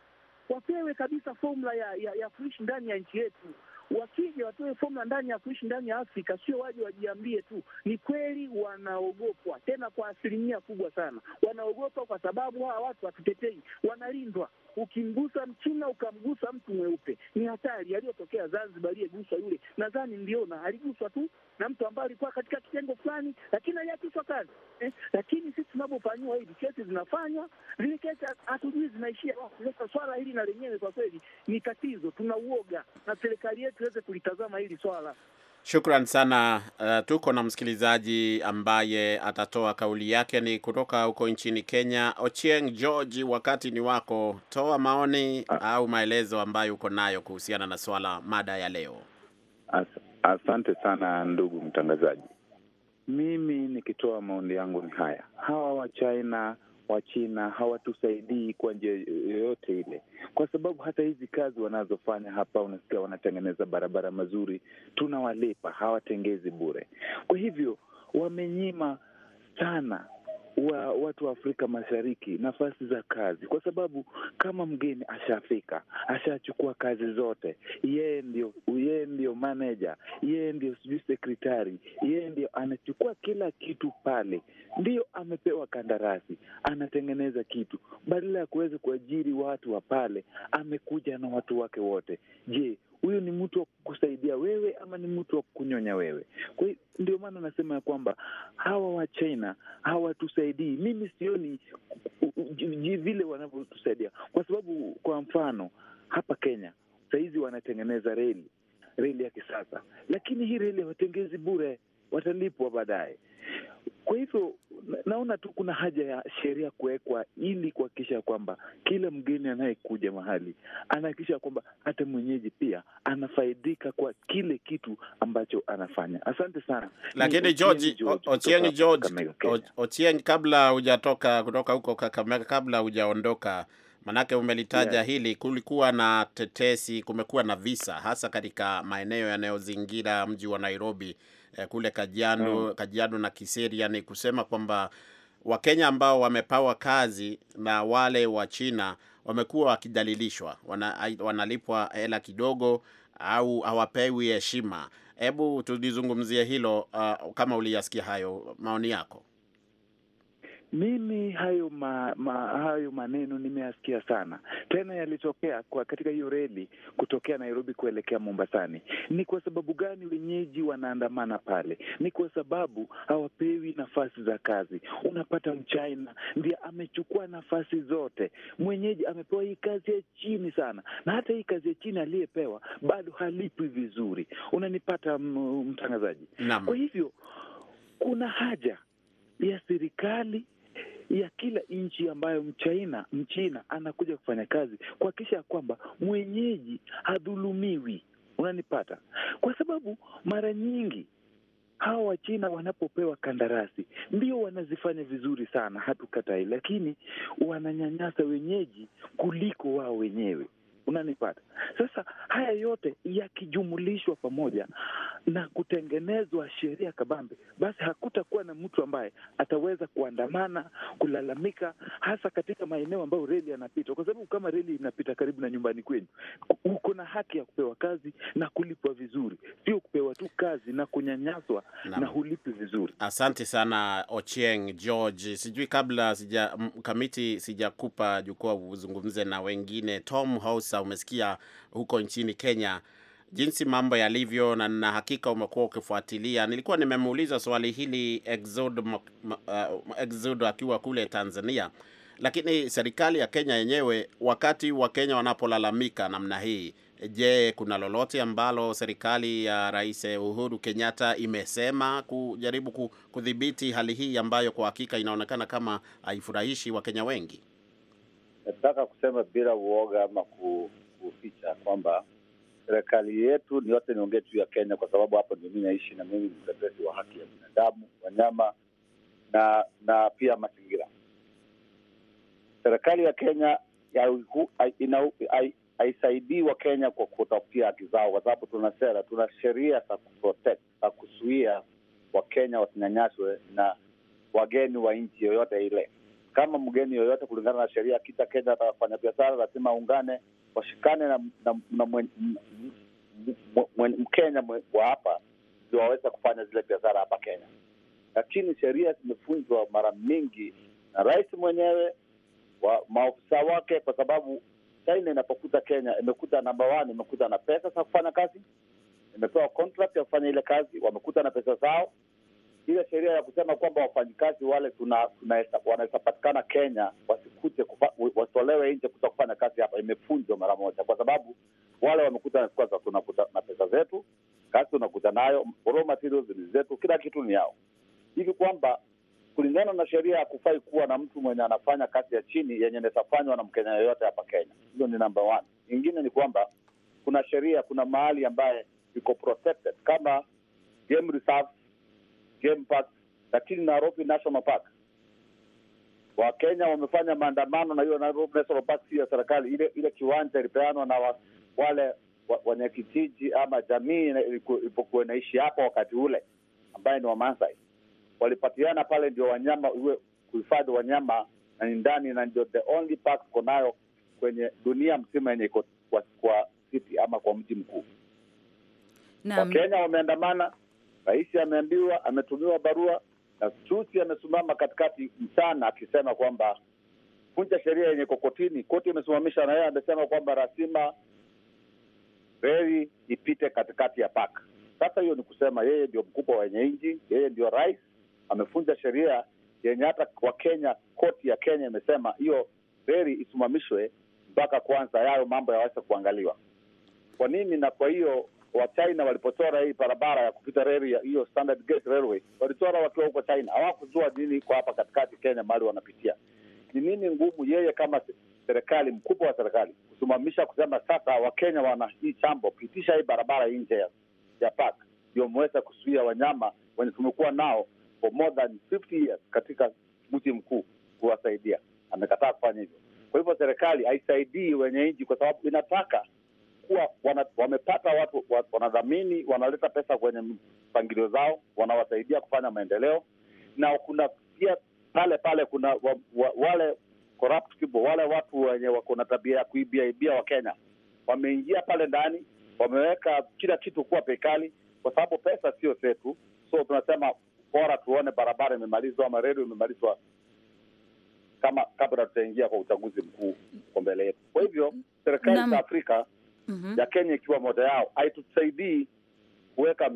wapewe kabisa fomula ya, ya, ya fresh ndani ya nchi yetu wakija watoe fomu ndani ya kuishi ndani ya Afrika, sio waje wajiambie tu. Ni kweli wanaogopwa, tena kwa asilimia kubwa sana wanaogopa kwa sababu hawa watu hatutetei, wanalindwa ukimgusa Mchina ukamgusa mtu mweupe, ni hatari. Aliyotokea Zanzibar, aliyeguswa yule, nadhani ndiona aliguswa tu na mtu ambaye alikuwa katika kitengo fulani, lakini aliachishwa kazi eh. Lakini sisi tunavyofanyiwa hivi, kesi zinafanywa zile kesi hatujui zinaishia Sasa swala hili na lenyewe kwa kweli ni tatizo, uoga na serikali yetu iweze kulitazama hili swala. Shukran sana. Uh, tuko na msikilizaji ambaye atatoa kauli yake, ni kutoka huko nchini Kenya. Ochieng George, wakati ni wako, toa maoni A ah. au maelezo ambayo uko nayo kuhusiana na swala mada ya leo. As asante sana ndugu mtangazaji. Mimi nikitoa maoni yangu ni haya, hawa wa China Wachina hawatusaidii kwa njia yoyote ile, kwa sababu hata hizi kazi wanazofanya hapa, unasikia wanatengeneza barabara mazuri, tunawalipa hawatengezi bure. Kwa hivyo wamenyima sana wa watu wa Afrika Mashariki nafasi za kazi, kwa sababu kama mgeni ashafika, ashachukua kazi zote, yeye ndio yeye ndio manaja, yeye ndio sijui sekretari, yeye ndio anachukua kila kitu pale, ndio amepewa kandarasi, anatengeneza kitu, badala ya kuweza kuajiri watu wa pale, amekuja na watu wake wote. Je, huyu ni mtu wa kukusaidia wewe ama ni mtu wa kukunyonya wewe? Kwa hiyo ndio maana nasema ya kwamba hawa wa China hawatusaidii. Mimi sioni vile wanavyotusaidia, kwa sababu kwa mfano hapa Kenya sahizi wanatengeneza reli, reli ya kisasa, lakini hii reli hawatengezi bure watalipwa baadaye. Kwa hivyo naona tu kuna haja ya sheria kuwekwa ili kuhakikisha kwamba kila mgeni anayekuja mahali anahakikisha kwamba hata mwenyeji pia anafaidika kwa kile kitu ambacho anafanya. Asante sana. Lakini George Ochieng, George Ochieng, kabla hujatoka kutoka huko Kakamega, kabla hujaondoka manake umelitaja yeah, hili kulikuwa na tetesi, kumekuwa na visa hasa katika maeneo yanayozingira mji wa Nairobi Eh, kule Kajiado, mm. Kajiado na Kisiria ni kusema kwamba Wakenya ambao wamepawa kazi na wale wa China wamekuwa wakidhalilishwa, wana, wanalipwa hela kidogo au hawapewi heshima. Hebu tulizungumzie hilo uh, kama uliyasikia hayo maoni yako. Mimi hayo ma, ma, hayo maneno nimeyasikia sana, tena yalitokea kwa katika hiyo reli kutokea Nairobi kuelekea Mombasani. Ni kwa sababu gani wenyeji wanaandamana pale? Ni kwa sababu hawapewi nafasi za kazi. Unapata mchina ndiye amechukua nafasi zote, mwenyeji amepewa hii kazi ya chini sana, na hata hii kazi ya chini aliyepewa bado halipwi vizuri. Unanipata mtangazaji? Kwa hivyo kuna haja ya serikali ya kila nchi ambayo mchina mchina anakuja kufanya kazi, kuhakikisha ya kwamba mwenyeji hadhulumiwi. Unanipata? Kwa sababu mara nyingi hawa Wachina wanapopewa kandarasi ndio wanazifanya vizuri sana, hatukatai, lakini wananyanyasa wenyeji kuliko wao wenyewe unanipata? Sasa haya yote yakijumulishwa pamoja na kutengenezwa sheria kabambe, basi hakutakuwa na mtu ambaye ataweza kuandamana, kulalamika, hasa katika maeneo ambayo reli yanapita, kwa sababu kama reli inapita karibu na nyumbani kwenu, uko na haki ya kupewa kazi na kulipwa vizuri, sio kupewa tu kazi na kunyanyaswa na, na hulipi vizuri. Asante sana Ochieng George. Sijui kabla sija kamiti sijakupa jukwaa uzungumze na wengine Tom House sasa umesikia huko nchini Kenya jinsi mambo yalivyo, na nina hakika umekuwa ukifuatilia. Nilikuwa nimemuuliza swali hili Exod, uh, Exod akiwa kule Tanzania, lakini serikali ya Kenya yenyewe, wakati Wakenya wanapolalamika namna hii, je, kuna lolote ambalo serikali ya Rais Uhuru Kenyatta imesema kujaribu kudhibiti hali hii ambayo kwa hakika inaonekana kama haifurahishi Wakenya wengi? nataka kusema bila uoga ama kuficha kwamba serikali yetu ni yote, niongee tu ya Kenya kwa sababu hapo ndio mi naishi na mimi ni mtetezi wa haki ya binadamu, wanyama na na pia mazingira. Serikali ya Kenya haisaidii Wakenya kwa kutafutia haki zao, kwa sababu tuna sera, tuna sheria za kuprotect, za kuzuia Wakenya wasinyanyaswe na wageni wa nchi yoyote ile kama mgeni yoyote kulingana na sheria kita kenda atafanya biashara lazima aungane, washikane na, na, na mwen, mwen, Mkenya wa hapa ndio waweze kufanya zile biashara hapa Kenya. Lakini sheria zimefunzwa mara mingi na rais mwenyewe wa maofisa wake, kwa sababu China inapokuta Kenya imekuta namba one, imekuta na pesa za kufanya kazi, imepewa contract ya kufanya ile kazi, wamekuta na pesa zao ile sheria ya kusema kwamba wafanyikazi wale wanahesapatikana Kenya wasikuje watolewe nje kuta kufanya kazi hapa imepunjwa mara moja, kwa sababu wale wamekuta tunakuta na pesa zetu, kazi tunakuta nayo, raw materials ni zetu, kila kitu ni yao, hivi kwamba kulingana na sheria hakufai kuwa na mtu mwenye anafanya kazi ya chini yenye inawezafanywa na Mkenya yoyote hapa Kenya. Hiyo ni namba one. Ingine ni kwamba kuna sheria, kuna mahali ambaye iko protected kama game reserve Game Park, lakini Nairobi National Park Wakenya wamefanya maandamano na hiyo Nairobi National Park si ya serikali. Ile ile kiwanja ilipeanwa na wa, wale wa, kijiji ama jamii ilipokuwa inaishi hapo wakati ule, ambaye ni Wamasai walipatiana pale, ndio wanyama iwe kuhifadhi wanyama na ni ndani, na ndio the only park uko nayo kwenye dunia mzima yenye iko kwa, kwa city ama kwa mji mkuu. Wakenya wameandamana Rais ameambiwa, ametumiwa barua na Susi amesimama katikati mchana akisema kwamba kunja sheria yenye kokotini, koti imesimamisha, na yeye amesema kwamba lazima reli ipite katikati ya paka. Sasa hiyo ni kusema yeye ndio mkubwa wenye nji yeye ndio rais, amefunja sheria yenye hata kwa Kenya, koti ya Kenya imesema hiyo reli isimamishwe mpaka kwanza yayo mambo yaweze kuangaliwa. Kwa nini? Na kwa hiyo wa China walipochora hii barabara ya kupita reli ya hiyo Standard Gauge Railway, walichora wakiwa huko China, hawakujua nini kwa hapa katikati Kenya mahali wanapitia ni nini. Ngumu yeye kama serikali, mkubwa wa serikali kusimamisha kusema sasa, Wakenya wana hii chambo, pitisha hii barabara nje ya, ya park ndio mweza kuzuia wanyama wenye tumekuwa nao for more than 50 years katika mji mkuu kuwasaidia. Amekataa kufanya hivyo. Kwa hivyo serikali haisaidii wenye nchi, kwa sababu inataka wanakuwa wana, wamepata watu wanadhamini, wanaleta pesa kwenye mpangilio zao, wanawasaidia kufanya maendeleo, na kuna pia pale pale kuna wa, wa, wale corrupt people, wale watu wenye wako na tabia ya kuibiaibia Wakenya wameingia pale ndani, wameweka kila kitu kuwa pekali, kwa sababu pesa sio zetu. So tunasema bora tuone barabara imemalizwa ama redio imemalizwa kama kabla tutaingia kwa uchaguzi mkuu uko mbele yetu. Kwa hivyo serikali za Afrika mm -hmm. ya Kenya ikiwa moja yao, haitusaidii kuweka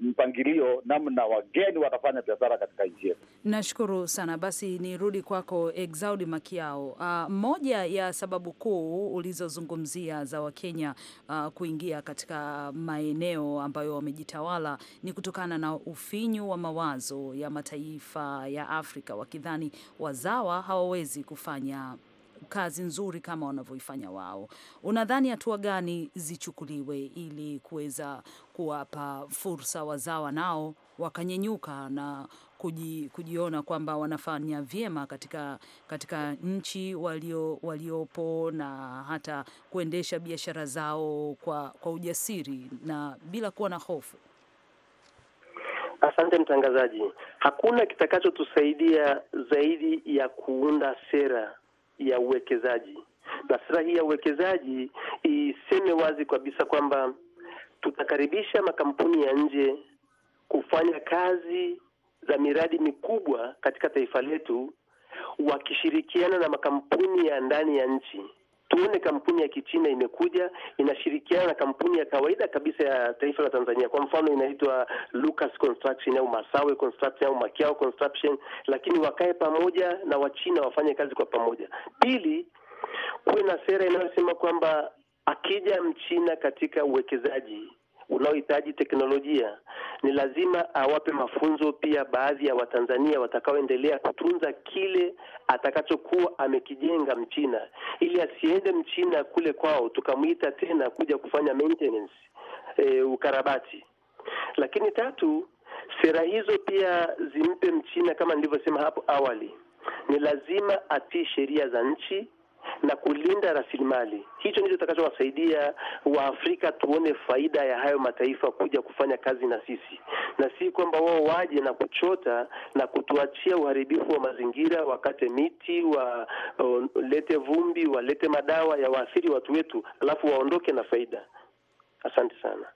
mpangilio namna wageni watafanya biashara katika nchi yetu. Nashukuru sana. Basi nirudi kwako Exaudi Makiao. Uh, moja ya sababu kuu ulizozungumzia za Wakenya uh, kuingia katika maeneo ambayo wamejitawala ni kutokana na ufinyu wa mawazo ya mataifa ya Afrika, wakidhani wazawa hawawezi kufanya kazi nzuri kama wanavyoifanya wao. Unadhani hatua gani zichukuliwe ili kuweza kuwapa fursa wazawa nao wakanyenyuka na kuji, kujiona kwamba wanafanya vyema katika, katika nchi walio, waliopo na hata kuendesha biashara zao kwa, kwa ujasiri na bila kuwa na hofu? Asante mtangazaji. Hakuna kitakachotusaidia zaidi ya kuunda sera ya uwekezaji, na sera hii ya uwekezaji iseme wazi kabisa kwamba tutakaribisha makampuni ya nje kufanya kazi za miradi mikubwa katika taifa letu wakishirikiana na makampuni ya ndani ya nchi tuone kampuni ya Kichina imekuja inashirikiana na kampuni ya kawaida kabisa ya taifa la Tanzania. Kwa mfano inaitwa Lucas Construction au Masawe Construction au Makiao Construction, lakini wakae pamoja na Wachina wafanye kazi kwa pamoja. Pili, kuwe na sera inayosema kwamba akija mchina katika uwekezaji unaohitaji teknolojia, ni lazima awape mafunzo pia baadhi ya Watanzania watakaoendelea kutunza kile atakachokuwa amekijenga Mchina, ili asiende Mchina kule kwao tukamwita tena kuja kufanya maintenance, e, ukarabati. Lakini tatu, sera hizo pia zimpe Mchina, kama nilivyosema hapo awali, ni lazima atii sheria za nchi na kulinda rasilimali. Hicho ndicho kitakachowasaidia Waafrika tuone faida ya hayo mataifa kuja kufanya kazi na sisi, na si kwamba wao waje na kuchota na kutuachia uharibifu wa mazingira, wakate miti, walete vumbi, walete madawa ya waathiri watu wetu, alafu waondoke na faida. Asante sana.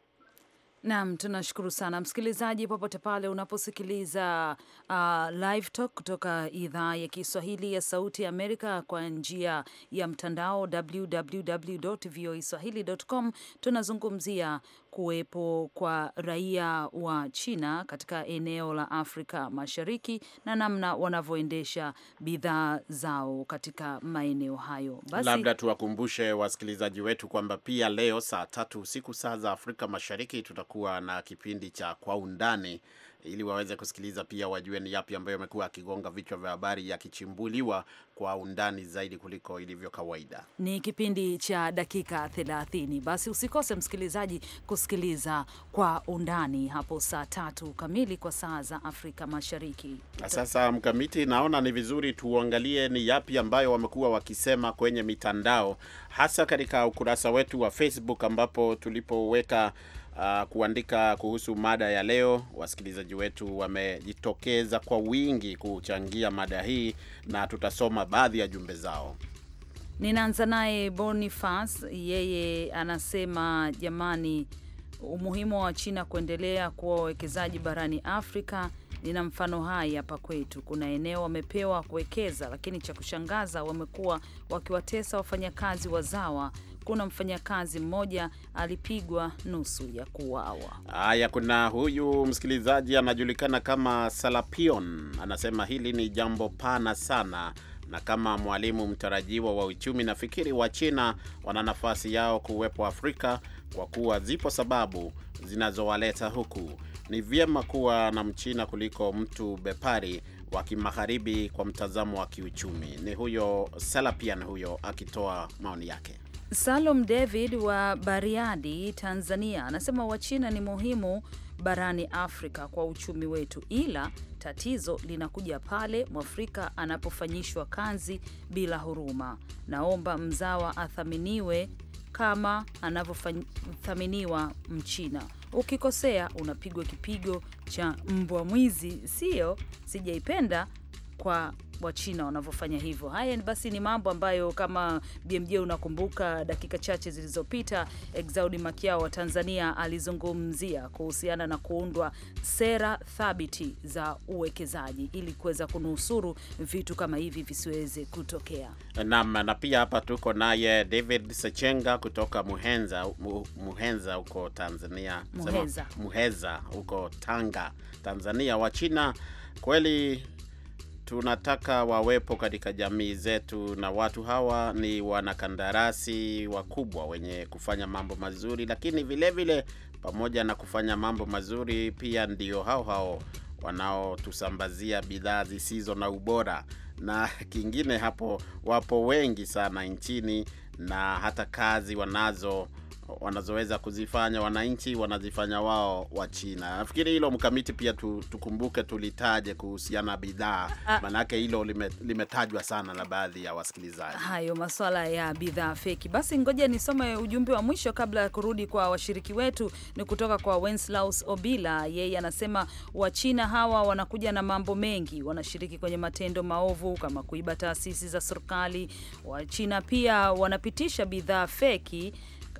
Naam, tunashukuru sana msikilizaji, popote pale unaposikiliza uh, Live Talk kutoka idhaa ya Kiswahili ya Sauti ya Amerika kwa njia ya mtandao www voa swahili.com. Tunazungumzia kuwepo kwa raia wa China katika eneo la Afrika Mashariki na namna wanavyoendesha bidhaa zao katika maeneo hayo. Basi, labda tuwakumbushe wasikilizaji wetu kwamba pia leo saa tatu usiku saa za Afrika Mashariki tutakuwa na kipindi cha Kwa Undani ili waweze kusikiliza pia, wajue ni yapi ambayo yamekuwa akigonga vichwa vya habari yakichimbuliwa kwa undani zaidi kuliko ilivyo kawaida. Ni kipindi cha dakika 30. Basi usikose msikilizaji, kusikiliza kwa undani hapo saa tatu kamili kwa saa za Afrika Mashariki. Sasa Mkamiti, naona ni vizuri tuangalie ni yapi ambayo wamekuwa wakisema kwenye mitandao, hasa katika ukurasa wetu wa Facebook ambapo tulipoweka uh, kuandika kuhusu mada ya leo. Wasikilizaji wetu wamejitokeza kwa wingi kuchangia mada hii na tutasoma baadhi ya jumbe zao. Ninaanza naye Bonifas, yeye anasema jamani, umuhimu wa China kuendelea kuwa wawekezaji barani Afrika nina mfano hai hapa kwetu. Kuna eneo wamepewa kuwekeza, lakini cha kushangaza wamekuwa wakiwatesa wafanyakazi wazawa kuna mfanyakazi mmoja alipigwa nusu ya kuuawa. Haya, kuna huyu msikilizaji anajulikana kama Salapion, anasema hili ni jambo pana sana na kama mwalimu mtarajiwa wa uchumi, nafikiri wa China wana nafasi yao kuwepo Afrika kwa kuwa zipo sababu zinazowaleta huku. Ni vyema kuwa na mchina kuliko mtu bepari wa kimagharibi kwa mtazamo wa kiuchumi. Ni huyo Salapian huyo akitoa maoni yake. Salom David wa Bariadi, Tanzania, anasema Wachina ni muhimu barani Afrika kwa uchumi wetu, ila tatizo linakuja pale mwafrika anapofanyishwa kazi bila huruma. Naomba mzawa athaminiwe kama anavyothaminiwa Mchina. Ukikosea unapigwa kipigo cha mbwa mwizi. Sio, sijaipenda kwa Wachina wanavyofanya hivyo. Haya basi ni mambo ambayo kama BMJ unakumbuka, dakika chache zilizopita Exaudi Makiao wa Tanzania alizungumzia kuhusiana na kuundwa sera thabiti za uwekezaji ili kuweza kunusuru vitu kama hivi visiweze kutokea. Naam, na pia hapa tuko naye David Sechenga kutoka Muhenza Muhenza huko Tanzania, Muheza huko Tanga, Tanzania. Wachina kweli tunataka wawepo katika jamii zetu, na watu hawa ni wanakandarasi wakubwa wenye kufanya mambo mazuri, lakini vilevile vile, pamoja na kufanya mambo mazuri pia ndio hao hao wanaotusambazia bidhaa zisizo na ubora, na kingine hapo, wapo wengi sana nchini na hata kazi wanazo wanazoweza kuzifanya wananchi wanazifanya wao wa China. Nafikiri hilo mkamiti pia tu, tukumbuke tulitaje kuhusiana na bidhaa, ah. maanake hilo limetajwa lime sana na baadhi ya wasikilizaji, hayo maswala ya bidhaa feki. Basi ngoja nisome ujumbe wa mwisho kabla ya kurudi kwa washiriki wetu, ni kutoka kwa Wenslaus Obila. Yeye anasema Wachina hawa wanakuja na mambo mengi, wanashiriki kwenye matendo maovu kama kuiba taasisi za serikali. Wachina pia wanapitisha bidhaa feki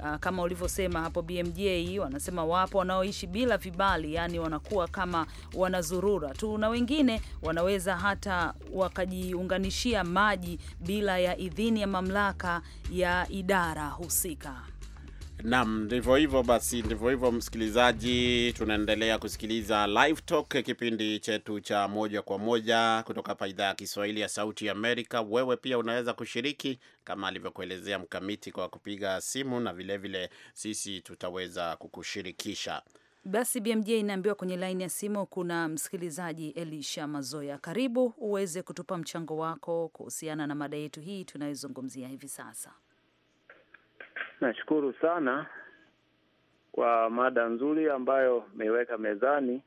uh, kama ulivyosema hapo BMJ, wanasema wapo wanaoishi bila vibali, yani wanakuwa kama wanazurura tu, na wengine wanaweza hata wakajiunganishia maji bila ya idhini ya mamlaka ya idara husika. Naam, ndivyo hivyo basi, ndivyo hivyo msikilizaji, tunaendelea kusikiliza Live Talk, kipindi chetu cha moja kwa moja kutoka hapa idhaa ya Kiswahili ya Sauti Amerika. Wewe pia unaweza kushiriki kama alivyokuelezea Mkamiti kwa kupiga simu, na vilevile vile sisi tutaweza kukushirikisha. Basi BMJ inaambiwa kwenye laini ya simu kuna msikilizaji Elisha Mazoya, karibu uweze kutupa mchango wako kuhusiana na mada yetu hii tunayozungumzia hivi sasa. Nashukuru sana kwa mada nzuri ambayo mmeiweka mezani.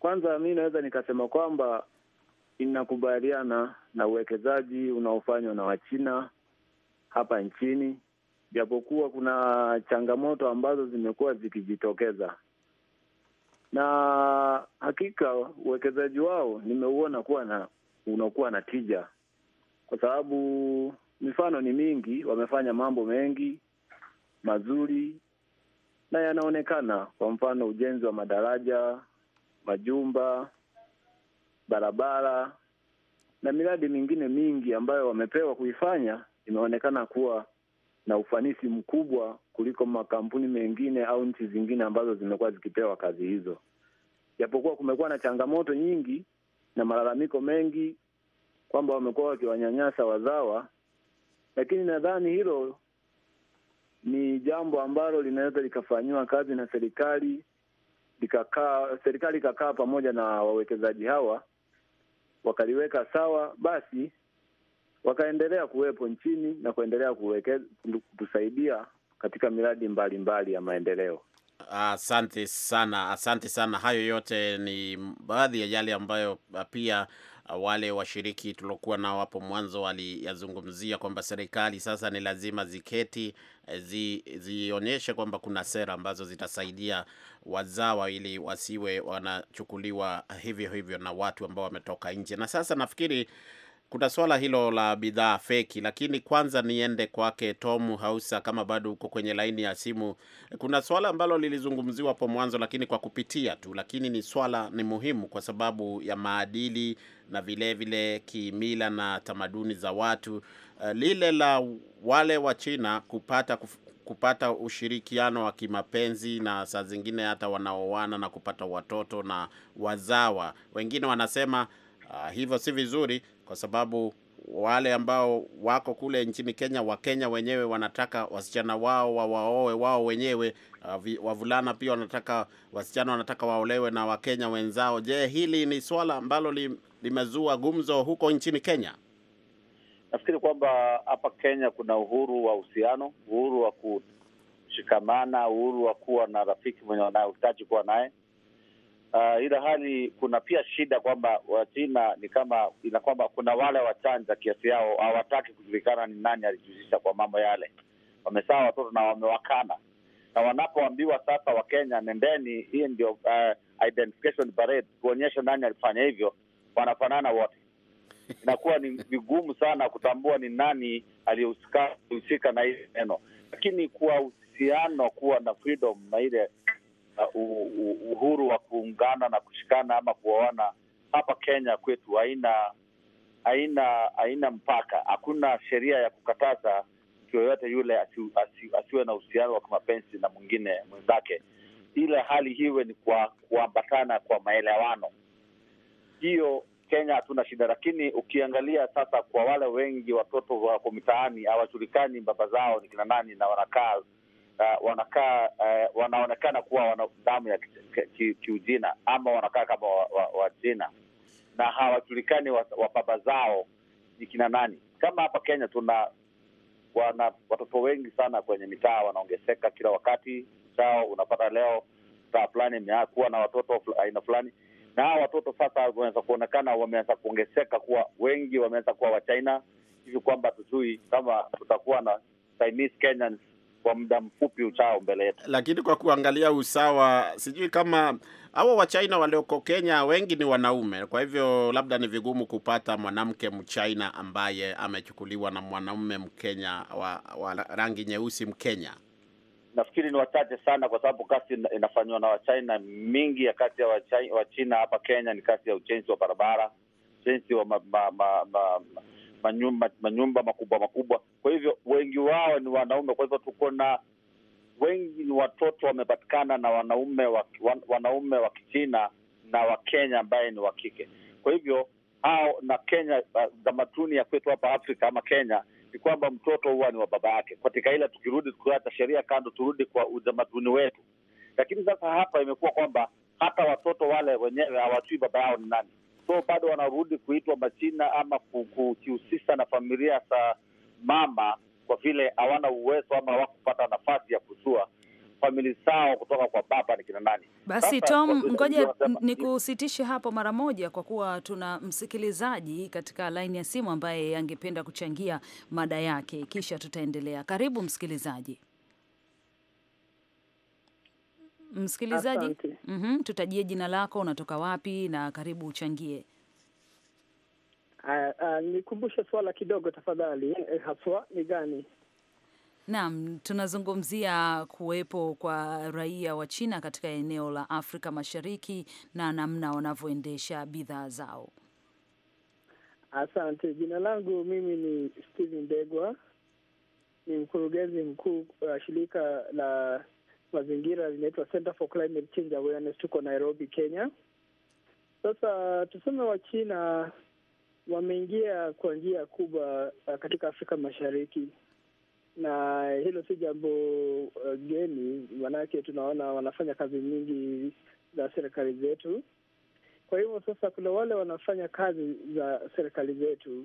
Kwanza mi naweza nikasema kwamba inakubaliana na uwekezaji unaofanywa na Wachina hapa nchini, japokuwa kuna changamoto ambazo zimekuwa zikijitokeza, na hakika uwekezaji wao nimeuona kuwa na unakuwa na tija, kwa sababu mifano ni mingi. Wamefanya mambo mengi mazuri na yanaonekana, kwa mfano ujenzi wa madaraja, majumba, barabara na miradi mingine mingi ambayo wamepewa kuifanya, imeonekana kuwa na ufanisi mkubwa kuliko makampuni mengine au nchi zingine ambazo zimekuwa zikipewa kazi hizo, japokuwa kumekuwa na changamoto nyingi na malalamiko mengi kwamba wamekuwa wakiwanyanyasa wazawa, lakini nadhani hilo ni jambo ambalo linaweza likafanyiwa kazi na serikali likakaa, serikali ikakaa pamoja na wawekezaji hawa wakaliweka sawa, basi wakaendelea kuwepo nchini na kuendelea kutusaidia katika miradi mbalimbali mbali ya maendeleo. Asante sana, asante sana. Hayo yote ni baadhi ya yale ambayo pia wale washiriki tuliokuwa nao hapo mwanzo waliyazungumzia kwamba serikali sasa ni lazima ziketi eh, zi, zionyeshe kwamba kuna sera ambazo zitasaidia wazawa ili wasiwe wanachukuliwa hivyo hivyo na watu ambao wametoka nje. Na sasa nafikiri kuna swala hilo la bidhaa feki, lakini kwanza niende kwake Tom Hausa kama bado uko kwenye laini ya simu. Kuna swala ambalo lilizungumziwa hapo mwanzo, lakini kwa kupitia tu, lakini ni swala ni muhimu kwa sababu ya maadili na vilevile kimila na tamaduni za watu, eh, lile la wale wa China kupata kuf kupata ushirikiano wa kimapenzi na saa zingine hata wanaoana na kupata watoto na wazawa. Wengine wanasema uh, hivyo si vizuri, kwa sababu wale ambao wako kule nchini Kenya, Wakenya wenyewe wanataka wasichana wao wawaoe wao wenyewe. Ah, wavulana pia wanataka wasichana wanataka waolewe na Wakenya wenzao. Je, hili ni swala ambalo li, limezua gumzo huko nchini Kenya? Nafikiri kwamba hapa Kenya kuna uhuru wa uhusiano, uhuru wa kushikamana, uhuru wa kuwa na rafiki mwenye wanayehitaji kuwa naye Uh, ila hali kuna pia shida kwamba Wachina ni kama ina kwamba kuna wale wachanja kiasi yao hawataki kujulikana ni nani alijihusisha kwa mambo yale. Wamesaa watoto na wamewakana, na wanapoambiwa sasa Wakenya, nendeni, hii ndio uh, identification parade, kuonyesha nani alifanya hivyo, wanafanana wote. Inakuwa ni vigumu sana kutambua ni nani aliyehusika na hili neno, lakini kwa uhusiano kuwa na freedom na ile uhuru wa kuungana na kushikana ama kuoana hapa Kenya kwetu haina haina haina mpaka. Hakuna sheria ya kukataza mtu yoyote yule asiwe asi, asi na uhusiano wa kimapenzi na mwingine mwenzake, ile hali hiwe ni kwa kuambatana kwa, kwa maelewano. Hiyo Kenya hatuna shida, lakini ukiangalia sasa kwa wale wengi watoto wako mitaani hawajulikani baba zao ni kina nani na wanakaa uh, wanakaa uh, wanaonekana kuwa wana damu ya kiujina ama wanakaa kama wachina wa, wa na hawajulikani wa wa zao ni kina nani. Kama hapa Kenya tuna wana watoto wengi sana kwenye mitaa, wanaongezeka kila wakati chao. Unapata leo mtaa fulani imekuwa na watoto aina fulani, na hawa watoto sasa wanaweza kuonekana wameanza kuongezeka kuwa wengi, wameanza kuwa Wachina hivi kwamba tujui kama tutakuwa na Chinese Kenyans kwa muda mfupi uchao mbele yetu. Lakini kwa kuangalia usawa, sijui kama hawa Wachina walioko Kenya wengi ni wanaume, kwa hivyo labda ni vigumu kupata mwanamke Mchina ambaye amechukuliwa na mwanaume Mkenya wa, wa rangi nyeusi Mkenya. Nafikiri ni wachache sana, kwa sababu kasi inafanywa na Wachina. Mingi ya kati ya Wachina hapa Kenya ni kasi ya ujenzi wa barabara, ujenzi wa ma, ma, ma, ma, manyumba, manyumba makubwa makubwa. Kwa hivyo wengi wao ni wanaume, kwa hivyo tuko na wengi ni watoto wamepatikana na wanaume wa, wanaume wa Kichina na Wakenya ambaye ni wa kike. Kwa hivyo hao na Kenya, uh, tamaduni ya kwetu hapa Afrika ama Kenya ni kwamba mtoto huwa ni wa baba yake. Katika ile tukirudi, tukiacha sheria kando, turudi kwa utamaduni wetu. Lakini sasa hapa imekuwa kwamba hata watoto wale wenyewe hawajui baba yao ni nani so bado wanarudi kuitwa majina ama kujihusisha na familia za mama, kwa vile hawana uwezo ama wakupata nafasi ya kujua famili zao kutoka kwa baba ni kina nani. Basi Tom, ngoja nikusitishe hapo mara moja, kwa kuwa tuna msikilizaji katika laini ya simu ambaye angependa kuchangia mada yake, kisha tutaendelea. Karibu msikilizaji. Msikilizaji, mm -hmm, tutajie jina lako, unatoka wapi na karibu uchangie. Uh, uh, nikumbushe swala kidogo tafadhali, eh, haswa ni gani? Naam, tunazungumzia kuwepo kwa raia wa China katika eneo la Afrika Mashariki na namna wanavyoendesha bidhaa zao. Asante. Jina langu mimi ni Steven Degwa, ni mkurugenzi mkuu wa uh, shirika la mazingira linaitwa Center for Climate Change Awareness, tuko Nairobi, Kenya. Sasa tuseme Wachina wameingia kwa njia kubwa uh, katika Afrika Mashariki na hilo si jambo uh, geni, maanake tunaona wanafanya kazi nyingi za serikali zetu. Kwa hivyo sasa kuna wale wanafanya kazi za serikali zetu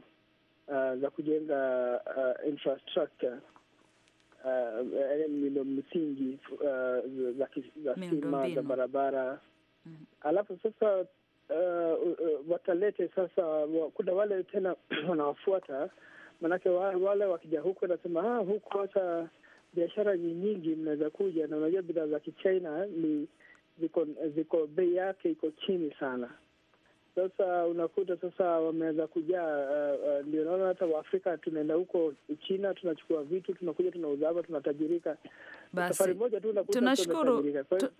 uh, za kujenga uh, infrastructure Eh, eh, miundo msingi eh, za stima za barabara mm -hmm. Alafu sasa uh, watalete sasa, kuna wale tena wanawafuata manake wale wakija huku wanasema ah, huku hata biashara ni nyingi, mnaweza kuja na unajua bidhaa za Kichina ni ziko, ziko bei yake iko chini sana sasa unakuta sasa wameweza kujaa uh, uh, ndio naona hata Waafrika tunaenda huko China tunachukua vitu tunakuja tunauza hapa tunatajirika. Basi tunashukuru,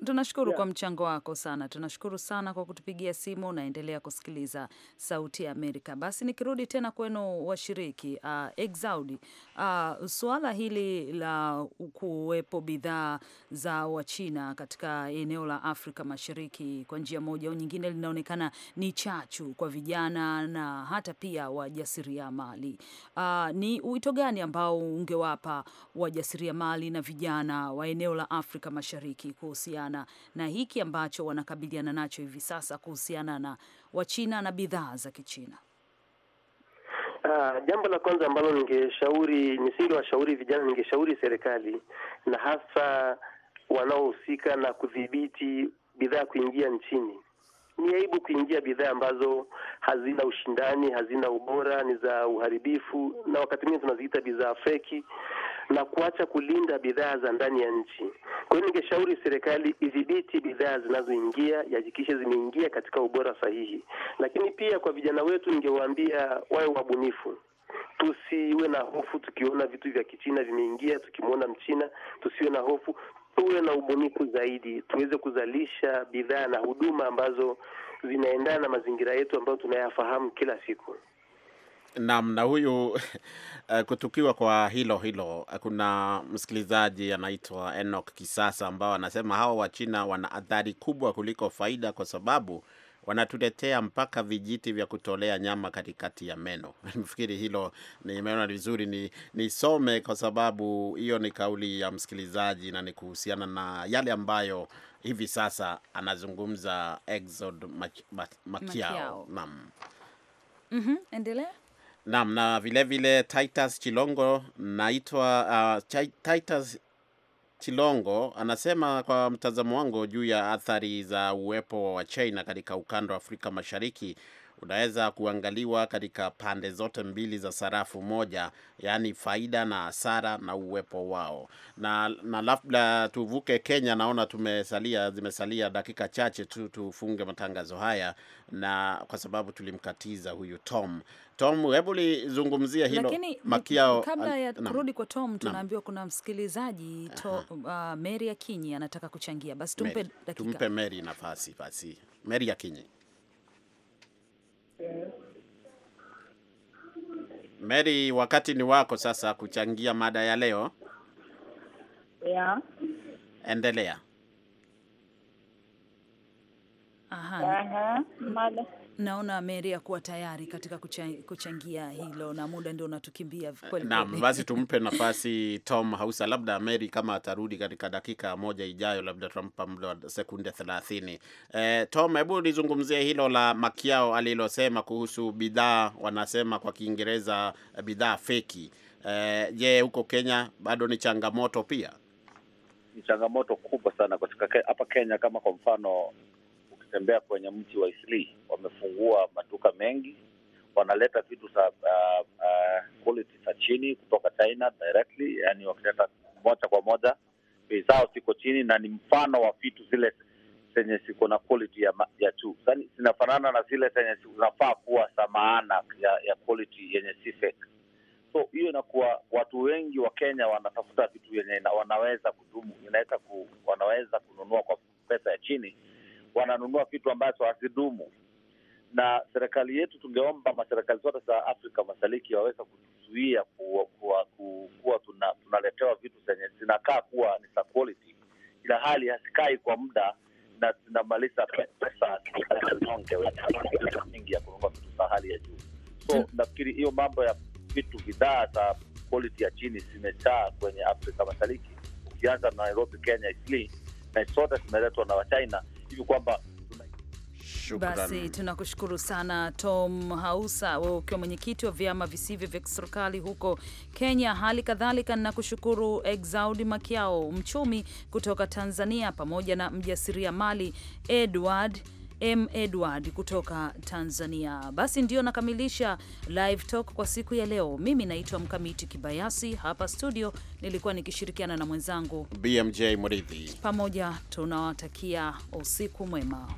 tunashukuru yeah, kwa mchango wako sana. Tunashukuru sana kwa kutupigia simu. Unaendelea kusikiliza Sauti ya Amerika. Basi nikirudi tena kwenu washiriki, uh, Exaudi, uh, suala hili la kuwepo bidhaa za Wachina katika eneo la Afrika Mashariki kwa njia moja au nyingine linaonekana ni chachu kwa vijana na hata pia wajasiriamali. Uh, ni wito gani ambao ungewapa wajasiriamali na vijana wa eneo la Afrika Mashariki kuhusiana na hiki ambacho wanakabiliana nacho hivi sasa kuhusiana na Wachina na bidhaa za Kichina? Uh, jambo la kwanza ambalo ningeshauri washauri vijana, ningeshauri serikali na hasa wanaohusika na kudhibiti bidhaa kuingia nchini. Ni aibu kuingia bidhaa ambazo hazina ushindani, hazina ubora, ni za uharibifu, na wakati mwingine tunaziita bidhaa feki na kuacha kulinda bidhaa za ndani ya nchi. Kwa hiyo ningeshauri serikali idhibiti bidhaa zinazoingia, ihakikishe zimeingia katika ubora sahihi. Lakini pia kwa vijana wetu ningewaambia wawe wabunifu. Tusiwe na hofu tukiona vitu vya Kichina vimeingia, tukimwona Mchina tusiwe na hofu, tuwe na ubunifu zaidi, tuweze kuzalisha bidhaa na huduma ambazo zinaendana na mazingira yetu ambayo tunayafahamu kila siku. Naam, na huyu eh, kutukiwa kwa hilo hilo, eh, kuna msikilizaji anaitwa Enoch Kisasa ambao anasema hawa Wachina wana athari kubwa kuliko faida, kwa sababu wanatuletea mpaka vijiti vya kutolea nyama katikati ya meno. Nafikiri hilo nimeona vizuri ni nisome, kwa sababu hiyo ni kauli ya msikilizaji na ni kuhusiana na yale ambayo hivi sasa anazungumza Exod Makiao. Naam. Mm -hmm. Endelea. Naam, na vilevile vile Titus Chilongo naitwa uh, Titus Chilongo anasema kwa mtazamo wangu juu ya athari za uwepo wa China katika ukanda wa Afrika Mashariki unaweza kuangaliwa katika pande zote mbili za sarafu moja, yaani faida na hasara na uwepo wao. Na, na labda tuvuke Kenya, naona tumesalia zimesalia dakika chache tu tufunge matangazo haya, na kwa sababu tulimkatiza huyu Tom. Tom, hebu lizungumzia hilo lakini, makiao kabla ya kurudi kwa Tom tunaambiwa kuna msikilizaji to, uh, Mary Akinyi anataka kuchangia, basi tumpe dakika. Tumpe Mary nafasi basi. Mary Akinyi. Mary, wakati ni wako sasa kuchangia mada ya leo. Yeah. Endelea. Aha. Aha. Mada Naona Meria kuwa tayari katika kuchangia hilo, na muda ndio unatukimbia kweli. Naam, basi tumpe nafasi Tom Hausa, labda Meri kama atarudi katika dakika moja ijayo, labda tutampa muda wa sekunde thelathini. Eh, Tom, hebu lizungumzie hilo la Makiao alilosema kuhusu bidhaa, wanasema kwa Kiingereza bidhaa feki. Eh, je, huko Kenya bado ni changamoto? Pia ni changamoto kubwa sana katika hapa Kenya, kama kwa mfano nimetembea kwenye mji wa Isli, wamefungua maduka mengi, wanaleta vitu za uh, uh, quality za chini kutoka China directly, yani wakileta moja kwa moja, bei zao ziko chini na ni mfano wa vitu zile zenye ziko na quality ya, ya juu, zinafanana na zile zenye zinafaa kuwa za maana ya, ya quality yenye sifek. So hiyo inakuwa watu wengi wa Kenya wanatafuta vitu yenye wanaweza kudumu, inaweza ku, wanaweza kununua kwa pesa ya chini wananunua vitu ambazo hazidumu. Na serikali yetu, tungeomba maserikali zote za Afrika Mashariki waweza kutuzuia kuwa, kuwa, kuwa tuna, tunaletewa vitu zenye zinakaa kuwa ni za quality, ila hali hazikai kwa muda na zinamaliza pesa nyonge mingi ya kununua vitu za hali ya juu. So mm. nafikiri hiyo mambo ya vitu bidhaa za quality ya chini zimejaa kwenye Afrika Mashariki, ukianza na Nairobi, Kenya, Isli na sote zimeletwa na Wachina hivi kwamba basi tunakushukuru sana Tom Hausa, wewe ukiwa mwenyekiti wa vyama visivyo vya kiserikali huko Kenya. Hali kadhalika ninakushukuru Exaudi Makiao, mchumi kutoka Tanzania, pamoja na mjasiriamali Edward M Edward kutoka Tanzania. Basi ndio nakamilisha live talk kwa siku ya leo. Mimi naitwa Mkamiti Kibayasi, hapa studio nilikuwa nikishirikiana na mwenzangu BMJ Mridhi. Pamoja tunawatakia usiku mwema.